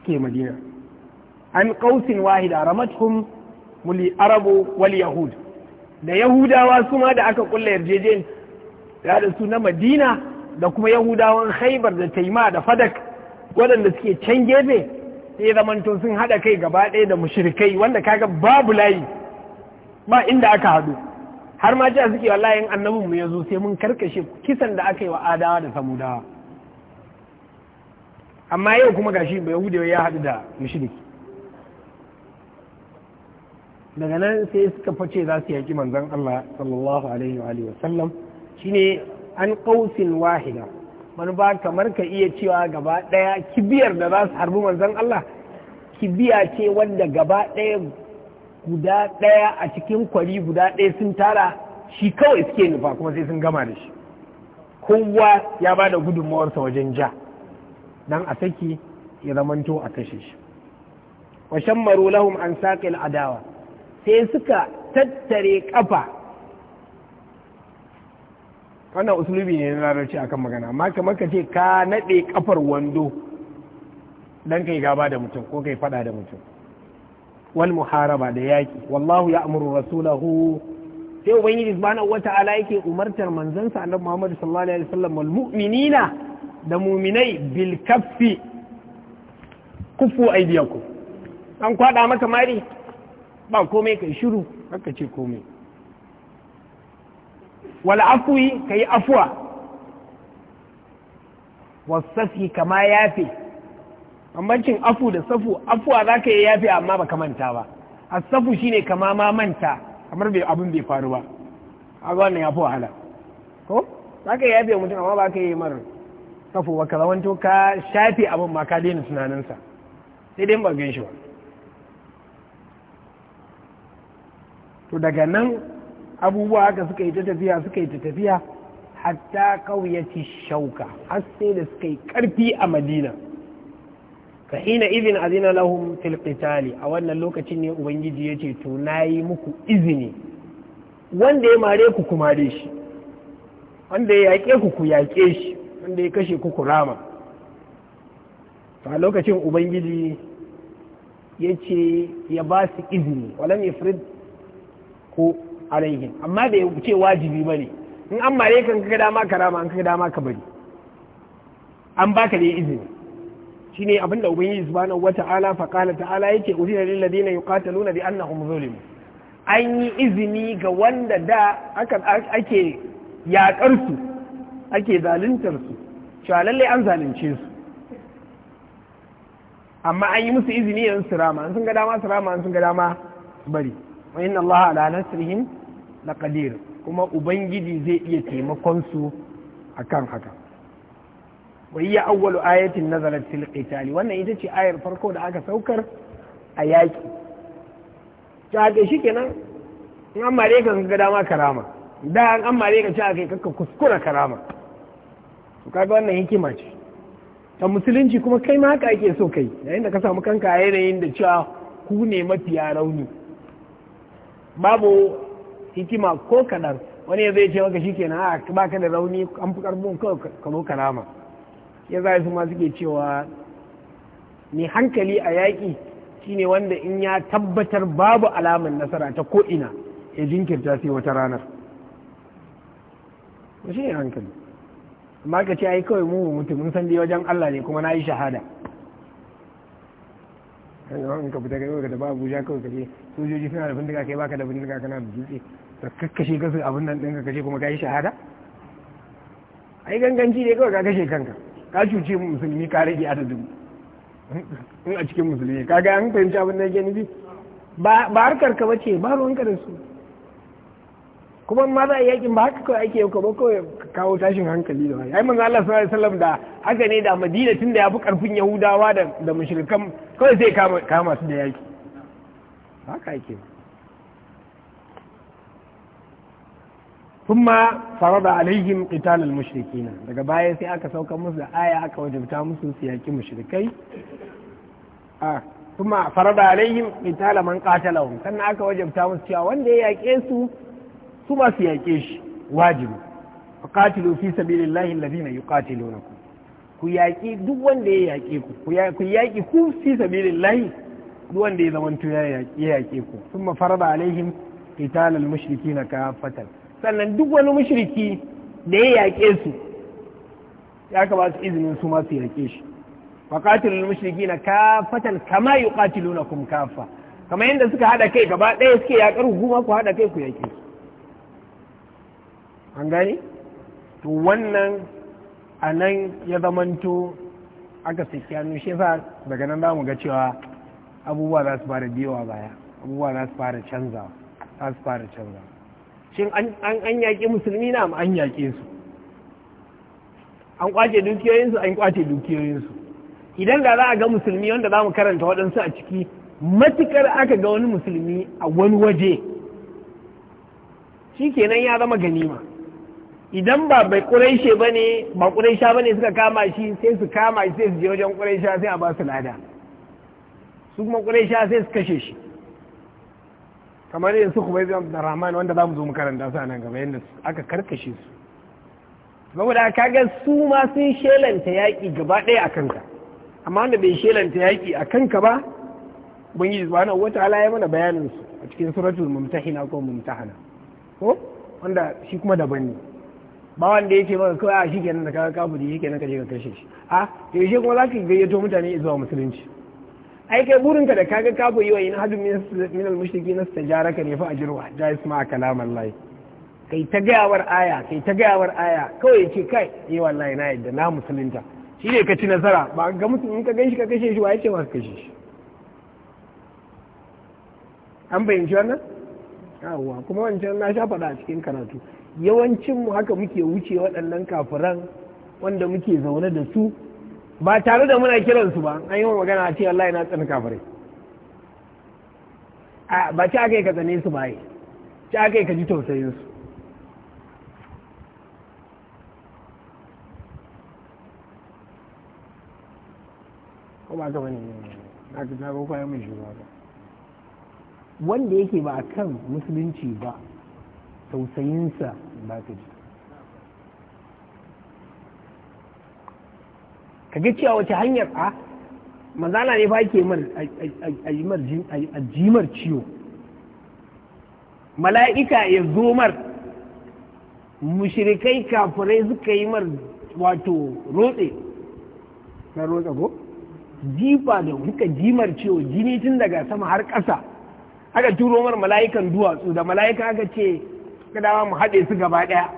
suke Madina an qausin wahida ramathum muli arabu wal yahud da yahudawa su ma da aka kulla yarjejen da da su na madina da kuma yahudawan haibar da taima da fadak waɗanda suke can gefe sai zamanto sun haɗa kai gaba ɗaya da mushrikai wanda kaga babu layi ba inda aka haɗu har ma ji suke wallahi in mu ya zo sai mun karkashe kisan da aka yi wa adawa da samudawa amma yau kuma gashi ba yahudawa ya haɗu da mushriki daga nan sai suka face za su yaki manzon Allah sallallahu alaihi wa alihi wasallam shine an qausin wahida ba kamar ka iya cewa gaba daya kibiyar da za su harbi manzon Allah kibiya ce wanda gaba daya guda daya a cikin kwari guda ɗaya sun tara shi kawai suke nufa kuma sai sun gama da shi kowa ya ba da gudunmawarsa wajen ja dan a saki ya zamanto a kashe shi wa shammaru lahum an saqil adawa sai suka tattare kafa wannan usulubi ne na larabci akan magana amma kamar ka ce ka naɗe kafar wando dan kai gaba da mutum ko kai fada da mutum wal muharaba da yaki wallahu ya'muru rasulahu sai ubangiji subhanahu wata'ala yake umartar manzansa annabi Muhammad sallallahu alaihi wasallam wal mu'minina da mu'minai bil kaffi kufu aydiyakum an kwada maka mari ba komai kai shiru haka ce komai wal afwi kai afwa wasafi kama yafe bambancin afu da safu afuwa za ka yi yafe amma ba ka manta ba a safu shine kama ma manta kamar bai abin bai faru ba a ga wannan yafi wahala ko za ka yi yafe mutum amma ba ka yi mar safu ba ka zawanto ka shafe abin ma ka daina tunaninsa sai dai ba gan shi ba to daga nan abubuwa haka suka yi ta tafiya suka yi ta tafiya hatta kauyaci shauka har sai da suka yi karfi a madina fa hina izin azina lahum fil qitali a wannan lokacin ne ubangiji ya ce to nayi muku izini wanda ya mare ku ku mare shi wanda ya yaƙe ku ku yaƙe shi wanda ya kashe ku ku rama a lokacin ubangiji ya ce ya ba su izini walam ifrid ko alaihim amma bai ce wajibi ba ne in an mare kan kaga dama ka rama an kaga dama ka bari an baka ne izini shine abin da ubangiji subhanahu wata'ala fa qala ta'ala yake uzina lil ladina yuqataluna bi annahum zulimu an yi izini ga wanda da aka ake yakar su ake zaluntar su cewa lalle an zalunce su amma an yi musu izini yanzu su rama sun ga dama su rama sun ga dama bari wa inna Allah ala nasrihim kuma ubangiji zai iya taimakon su akan haka wa hiya awwal ayatin nazalat fil qitali wannan ita ce ayar farko da aka saukar a yaki ta ga shikenan in an mare ka ga dama karama da an an mare ka ci kuskura karama to kaga wannan hikima ce ta musulunci kuma kai ma haka ake so kai yayin da ka samu kanka a yanayin da cewa ku ne mafiya rauni babu hikima ko kadar wani ya zai ce maka shi kenan a baka da rauni an fi karbin kano karama ya zai su ma suke cewa ne hankali a yaƙi shine wanda in ya tabbatar babu alamar nasara ta ko'ina ya jinkirta sai wata ranar shi ne hankali amma ka ce ai kawai mu mutumin mun san wajen Allah ne kuma na yi shahada kan in ka fita kai ka tafi abuja kawai sojoji suna da bindiga kai baka da bindiga kana dutse ka kakkashe kasu abin nan ɗinka kashe kuma ka yi shahada ai ganganci ne kawai ka kashe kanka ka cuce musulmi ka rage adadin in a cikin musulmi kaga an fahimci abin da yake nufi ba harkar ka bace ba ruwanka da su kuma ma za a yi yakin ba haka kawai ake ba kawai kawo tashin hankali da wani ai manzo Allah sallallahu alaihi wasallam da haka ne da Madina tun da ya fi karfin Yahudawa da da mushrikan kawai sai kama kama su da yaki haka yake kuma farada alaihim qital al na. daga baya sai aka sauka musu da aya aka wajabta musu su yaki mushrikai a kuma farada alaihim qital man qatalahum sannan aka wajabta musu cewa wanda ya yake su su ma su yaƙe shi wajibi faqatilu fi sabilillahi alladhina yuqatilunakum ku yaƙi duk wanda ya yaƙe ku ku yaƙi ku fi sabilillahi duk wanda ya zamanto ya yaƙe ku thumma farada alaihim qitalal mushrikina kafatan sannan duk wani mushriki da ya yaƙe su ya ka ba su izinin su ma su yaƙe shi faqatilul mushrikina kafatan kama yuqatilunakum kafa kamar yadda suka haɗa kai gaba ɗaya suke yaƙar hukuma ku haɗa kai ku yaƙe su an gani? to wannan a nan ya zamanto aka saki hannu shi yasa daga nan za mu ga cewa abubuwa za su fara biyowa baya abubuwa za su fara canzawa za su fara canzawa shin an yaƙi musulmi na an yaƙe su an kwace dukiyoyinsu an kwace dukiyoyinsu idan da za a ga musulmi wanda za mu karanta waɗansu a ciki matukar aka ga wani musulmi a wani waje shi kenan ya zama ganima idan ba bai ƙuraishe ba ne ba ƙuraisha ba ne suka kama shi sai su kama shi sai su je wajen ƙuraisha sai a ba su lada su kuma ƙuraisha sai su kashe shi kamar yin su kuma da rahman wanda za mu zo makaranta su a nan gaba yadda aka karkashe su saboda ga su ma sun shelanta yaƙi gaba ɗaya a kanka amma wanda bai shelanta yaƙi a kanka ba ubangiji subhanahu wataala ya mana bayanin su a cikin suratul mumtahina ko mumtahana ko wanda shi kuma daban ne ba wanda ya ce maka kawai a shi kenan da kaga kafiri shi kenan ka je ka kashe shi a yaushe kuma za ka gayyato mutane zuwa musulunci ai kai burinka da kaga kafiri wa ina hadu min al-mushriki nastajaraka ne fa ajruha da isma kalam Allah kai ta gayawar aya kai ta gayawar aya kawai ya ce kai eh wallahi na yadda na musulunta shi ne ka ci nasara ba ga mutum in ka gan shi ka kashe shi wa ya ce ma ka kashe shi an fahimci wannan yawwa kuma wancan na sha faɗa a cikin karatu yawancinmu haka muke wuce waɗannan kafiran wanda muke zaune da su ba tare da muna kiransu ba an yi magana a ce Allah yana tsana kafirai a ba ci aka yi ka tsane su ba yi ci aka yi ka ji tausayin su ko ba ka bane na ka ta ko kayan mai shugaba ba wanda yake ba a kan musulunci ba tausayinsa ka ji ga cewa wace hanyar a mazana ne fa ke ajimar ciwo mala'ika ya zo mar mushrikai kafirai suka yi mar wato rotse na rotse ko jifa da muka jimar ciwo jini tun daga sama har ƙasa aka turo mar mala'ikan duwatsu da mala'ika aka ce ga dama mu haɗe su gaba ɗaya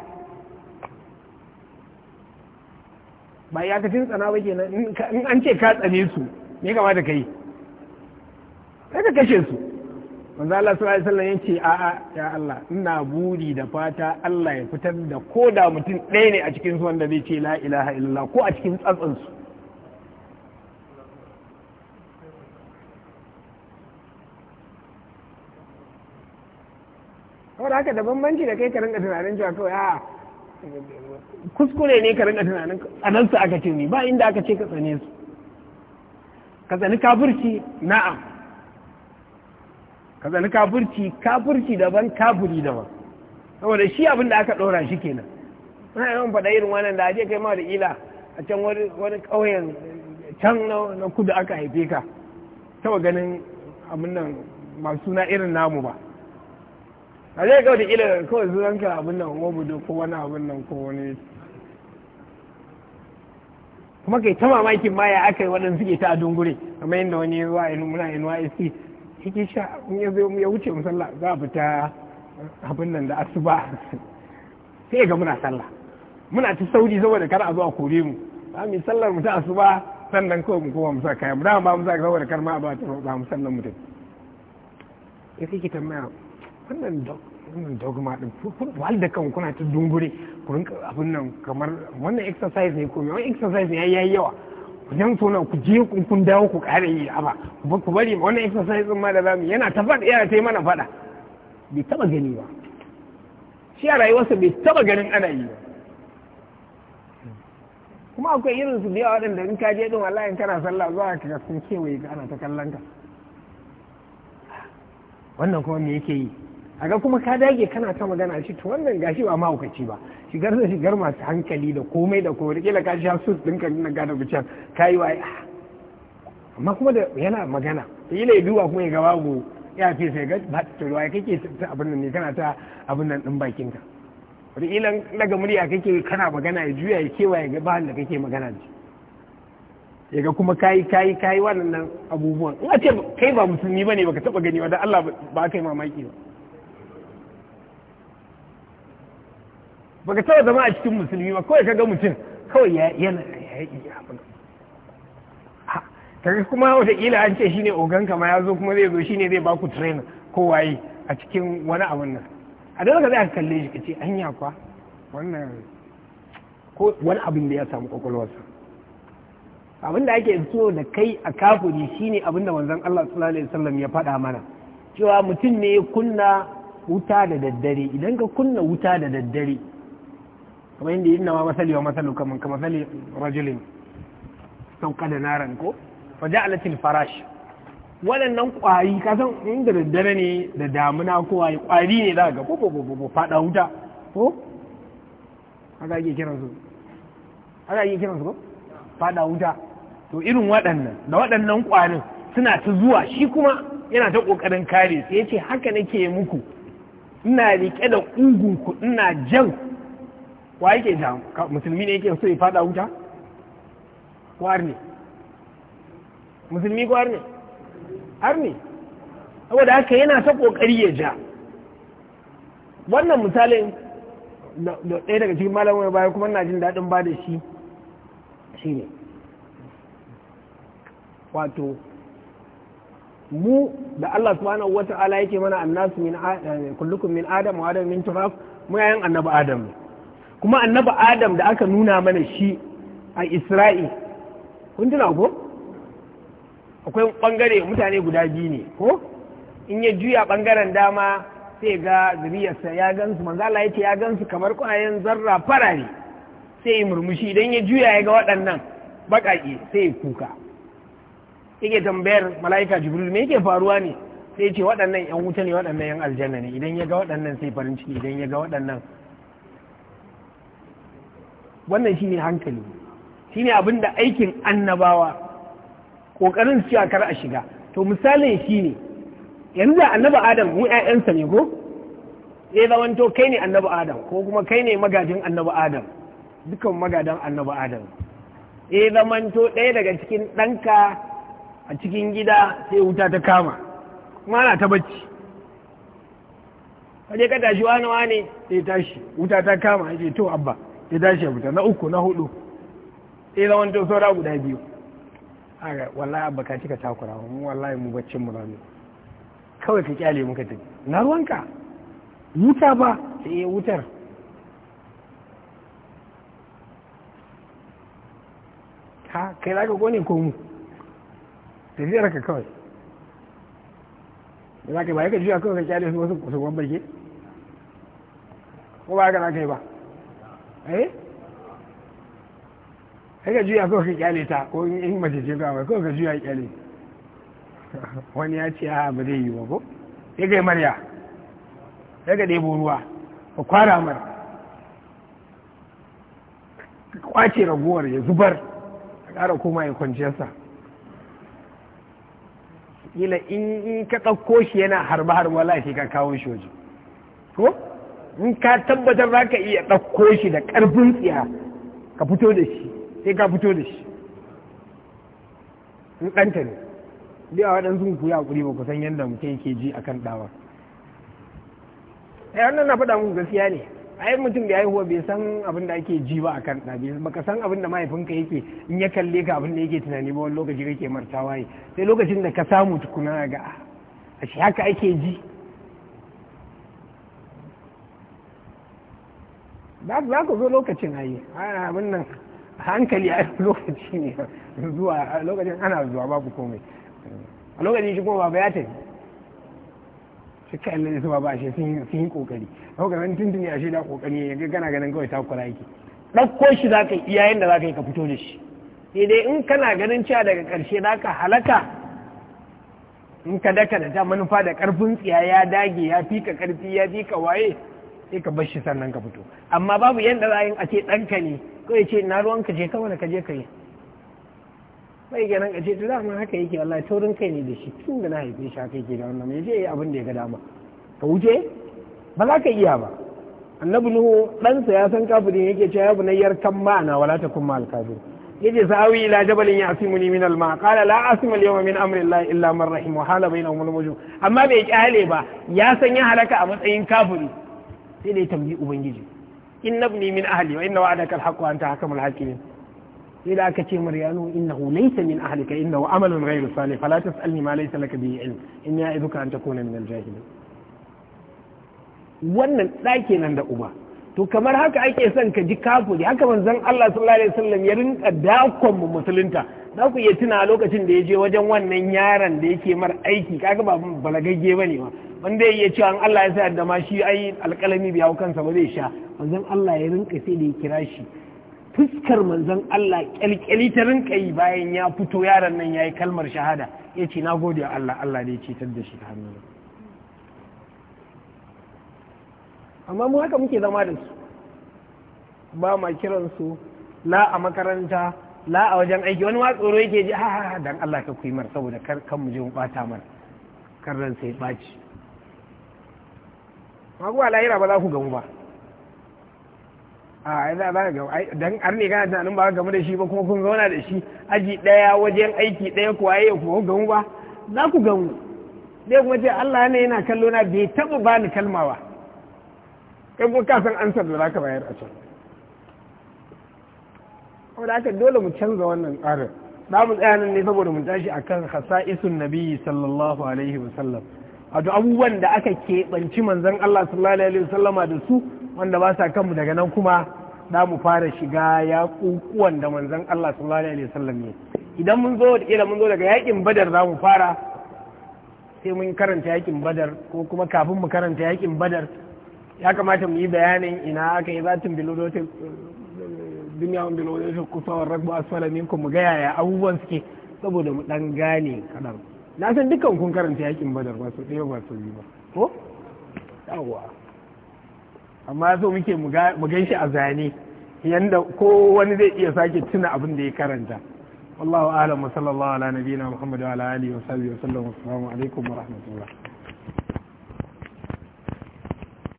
ba ya kacin tsana ba kenan in an ce ka tsane su me gaba da kai? sai ka kashe su manzo Allah sallallahu alaihi wasallam yace a'a ya Allah ina buri da fata Allah ya fitar da ko da mutum ɗaya ne a cikin su wanda zai ce la ilaha illallah ko a cikin tsantsan su saboda haka da bambanci da kai ka rinka tunanin cewa kawai a ah, kuskure ne ka rinka tunanin su aka ce ni ba inda aka ce ka tsane su ka tsani kafirci na'am ka tsani kafirci kafirci daban kafiri daban saboda shi abin da aka ɗora shi kenan na yawan faɗa irin wannan da aje kai ma da ila a can wani ƙauyen can na kudu aka haife ka taɓa ganin abin nan masu suna irin namu ba a zai ga ila kawai ka abin nan wabudu ko wani abin nan ko wani kuma kai ta mamakin ma ya aka yi waɗanda suke ta a dungure kamar yadda wani ruwa muna inuwa isi yake sha ya zo ya wuce musalla sallah za a fita abin nan da asuba sai ga muna sallah muna ta sauri saboda kar a zo a kore mu ba mu sallar mu ta asuba sannan kawai mu kowa mu sa kaya mu dama ba mu sa saboda kar ma a ba ta roƙa mu sannan mu tafi ya kitan tambaya wannan dogma din kun da kan kuna ta dungure ku rinka abin nan kamar wannan exercise ne ko wannan exercise ne yayi yawa ku jan sona ku je kun dawo ku kare yi aba ku bari wannan exercise din ma da zamu yana ta fada yana ta mana fada bai taba gani ba shi a rayuwarsa bai taba ganin ana yi kuma akwai irin su da yawa waɗanda in ka je din wallahi kana sallah zuwa ka sun kewaye ka ana ta kallon ka wannan kuma me yake yi a ga kuma ka dage kana ta magana shi to wannan gashi ba mahaukaci ba shigar da shigar masu hankali da komai da komai kila ka sha sus din kan na gada ka yi wa ah. amma kuma da yana magana yi ya duba kuma ya gaba babu ya fi sai ga ba ta ruwa kake ta abin nan ne kana ta abin nan din bakin ka ilan daga murya kake kana magana ya juya ya kewaye ga bahan da kake magana da ya ga kuma kayi kayi kayi wannan abubuwan in a ce kai ba musulmi ba ne baka taɓa gani ba da Allah ba ka yi mamaki ba baka taɓa zama a cikin musulmi ba kawai kaga mutum kawai ya yana ya iya kaga kuma ila an ce shine oganka ma ya zo kuma zai zo shine zai baku trainer ko waye a cikin wani abun nan a da zaka zai kalle shi kace anya kwa wannan ko wani abin da ya samu kwakwalwarsa abin da ake so da kai a kafuri shine abin da manzon Allah sallallahu alaihi wasallam ya faɗa mana cewa mutum ne ya kunna wuta da daddare idan ka kunna wuta da daddare kuma inda yi nama masali wa masalu kaman ka masali rajulin sauka da naran ko fa ja'alatil farash waɗannan ƙwari ka san inda daddare ne da damuna ko waye ƙwari ne za ga ko ko fada wuta ko haka ake kiran su haka ake kiran su ko fada wuta to irin waɗannan da waɗannan ƙwarin suna ta zuwa shi kuma yana ta ƙoƙarin kare sai ya ce haka nake muku ina riƙe da ƙugunku ina jan wa yake da musulmi ne yake so ya fada wuta kwar ne musulmi kwar ne har ne saboda haka yana ta kokari ya ja wannan misalin ɗaya daga cikin malamin baya kuma na jin daɗin ba da shi shi ne wato mu da Allah subhanahu wata ala yake mana annasu min eh, kullukum min adam wa adam min turab mu yayin annabi adam kuma annabi adam da aka nuna mana shi a isra'i kun tuna ko akwai bangare mutane guda biyu ne ko in ya juya bangaren dama sai ga zuriyarsa ya gansu manzo Allah yace ya gansu kamar kwayan zarra farare sai ya murmushi idan ya juya ya ga waɗannan baƙaƙe sai ya kuka yake tambayar mala'ika jibril me yake faruwa ne sai ce waɗannan yan wuta ne waɗannan yan aljanna ne idan ya ga waɗannan sai farin ciki idan ya ga waɗannan wannan shine hankali shine abin da aikin annabawa kokarin cewa kar a shiga to misalin shine yanzu annaba adam mu ƴaƴansa ne ko ya zamanto kai ne annaba adam ko kuma kai ne magajin annaba adam dukan magadan annaba adam zama zamanto ɗaya daga cikin ɗanka a cikin gida sai wuta ta kama kuma ana ta bacci kaje ka tashi wani wani sai tashi wuta ta kama ya ce to abba ya shi ya fita na uku na hudu sai eh, zaman to saura guda biyu haka wallahi abba ka cika takura mu wallahi mu baccin mu rami kawai ka kyale muka tafi na ruwanka wuta ba sai ya wutar ha kai za ka gone ko mu tafiyar ka kawai da za ka yi ba ya ka juya kawai ka kyale wasu kusurwan ke ko ba ka za ka yi ba eh ka juya ko ka kyale ta ko in mace ce kawai ko ka juya kyale wani ya ce a ba zai yi ba ko ya yi marya ya ga ɗebo ruwa ka kwara mar ka kwace raguwar ya zubar ka ƙara koma ya kwanciyarsa kila in ka ɗauko shi yana harba harba lafi ka kawo shi waje ko in ka tabbatar za ka iya ɗauko shi da ƙarfin tsiya ka fito da shi sai ka fito da shi in ɗanta ne dai a waɗansu ku ya ƙuri ba ku san yadda mutum yake ji a kan ɗawa ai eh, wannan na faɗa muku gaskiya ne ai mutum da haihuwa bai san abin da ake ji ba a kan ɗa baka san abin da mahaifinka yake in ya kalle ka abin da yake tunani ba wani lokaci kake martawa sai lokacin da ka samu tukuna ga a ah, shi haka ake ji za ku zo lokacin ayi yi abin nan hankali a lokaci ne zuwa lokacin ana zuwa babu komai a lokacin shi kuma ba ya tafi shi kayan lalle su ba shi sun yi kokari wani tuntun ya shi da kokari ya ga kana ganin kawai ta kura yake ɗauko shi za ka yi yayin da za ka yi ka fito da shi sai dai in kana ganin cewa daga ƙarshe za ka halaka in ka daka da ta manufa da ƙarfin tsiya ya dage ya fi ka ƙarfi ya fi ka waye sai ka bar sannan ka fito amma babu yadda za a yi a ce ɗanka ne ko ya ce na ruwan ka je ka wani ka je ka yi bai ga nan ka ce amma haka yake wallahi taurin kai ne da shi tun da na haife shi haka yake da wannan ya je yi abin da ya ga dama ka wuce ba za ka iya ba annabi nuhu ɗansa ya san kafirin yake cewa ya bunayyar kan ma'ana wala ta kuma alkafir yace sa'awi ila jabalin ni min alma kala la asimu al-yawma min amri llahi illa man hala bainahum al amma bai kyale ba ya san ya halaka a matsayin kafiri sai da ya tambayi ubangiji in nabni min ahli wa inna wa'adaka alhaqu anta hakamul hakimin sai da aka ce maryanu innahu laysa min ahlika innahu amalun ghayru salih fala tasalni ma laysa laka bihi ilm in ya'iduka an takuna min aljahilin wannan ɗake nan da uba to kamar haka ake son ka ji kafu, da haka manzon Allah sallallahu alaihi wasallam ya rinka dakon mu musulunta za ku iya tuna lokacin da ya je wajen wannan yaron da yake mar aiki kaga ba balagagge bane ba wanda ya iya an Allah ya sayar da ma shi ai alƙalami bai hau kansa ba zai sha manzon Allah ya rinka sai da ya kira shi fuskar manzon Allah kyalkyali ta rinka yi bayan ya fito yaron nan ya yi kalmar shahada ya ce na gode wa Allah Allah ne ya cetar da shi ta hannu amma mu haka muke zama da su ba ma su la a makaranta la a wajen aiki wani ma tsoro yake ji ha dan Allah ka kuyi mar saboda kar kan mu je mu bata mar kar ran sai baci magu a lahira ba za ku gamu ba a za a gamu dan arni ne kana tunanin ba gamu da shi ba kuma kun zauna da shi aji daya wajen aiki daya ko ayi kuma gamu ba za ku gamu zai kuma ce Allah ne yana kallo na bai taba ba ni kalma ba kai kuma ka san ansar da ka bayar a can saboda aka dole mu canza wannan tsarin za mu tsaya nan ne saboda mu tashi akan hasa'isun nabi sallallahu alaihi wasallam wato abubuwan da aka keɓanci manzon Allah sallallahu alaihi wasallama da su wanda ba sa kanmu daga nan kuma za mu fara shiga ya kukuwan da manzan Allah sallallahu alaihi wasallam ne idan mun zo da mun zo daga yakin badar za mu fara sai mun karanta yakin badar ko kuma kafin mu karanta yakin badar ya kamata mu yi bayanin ina aka yi zatin bilodotin duniya wanda bilodotin kusa wa ragba asfala minkum mu ga yaya abubuwan suke saboda mu dan gane kadan na san dukkan kun karanta yakin badar ba su ɗaya ba su biyu ba ko yawwa amma so muke mu gan shi a zane yanda ko wani zai iya sake tuna abin da ya karanta wallahu a'lam wa sallallahu ala nabiyina muhammad wa ala alihi wa sahbihi wa sallam assalamu alaikum wa rahmatullah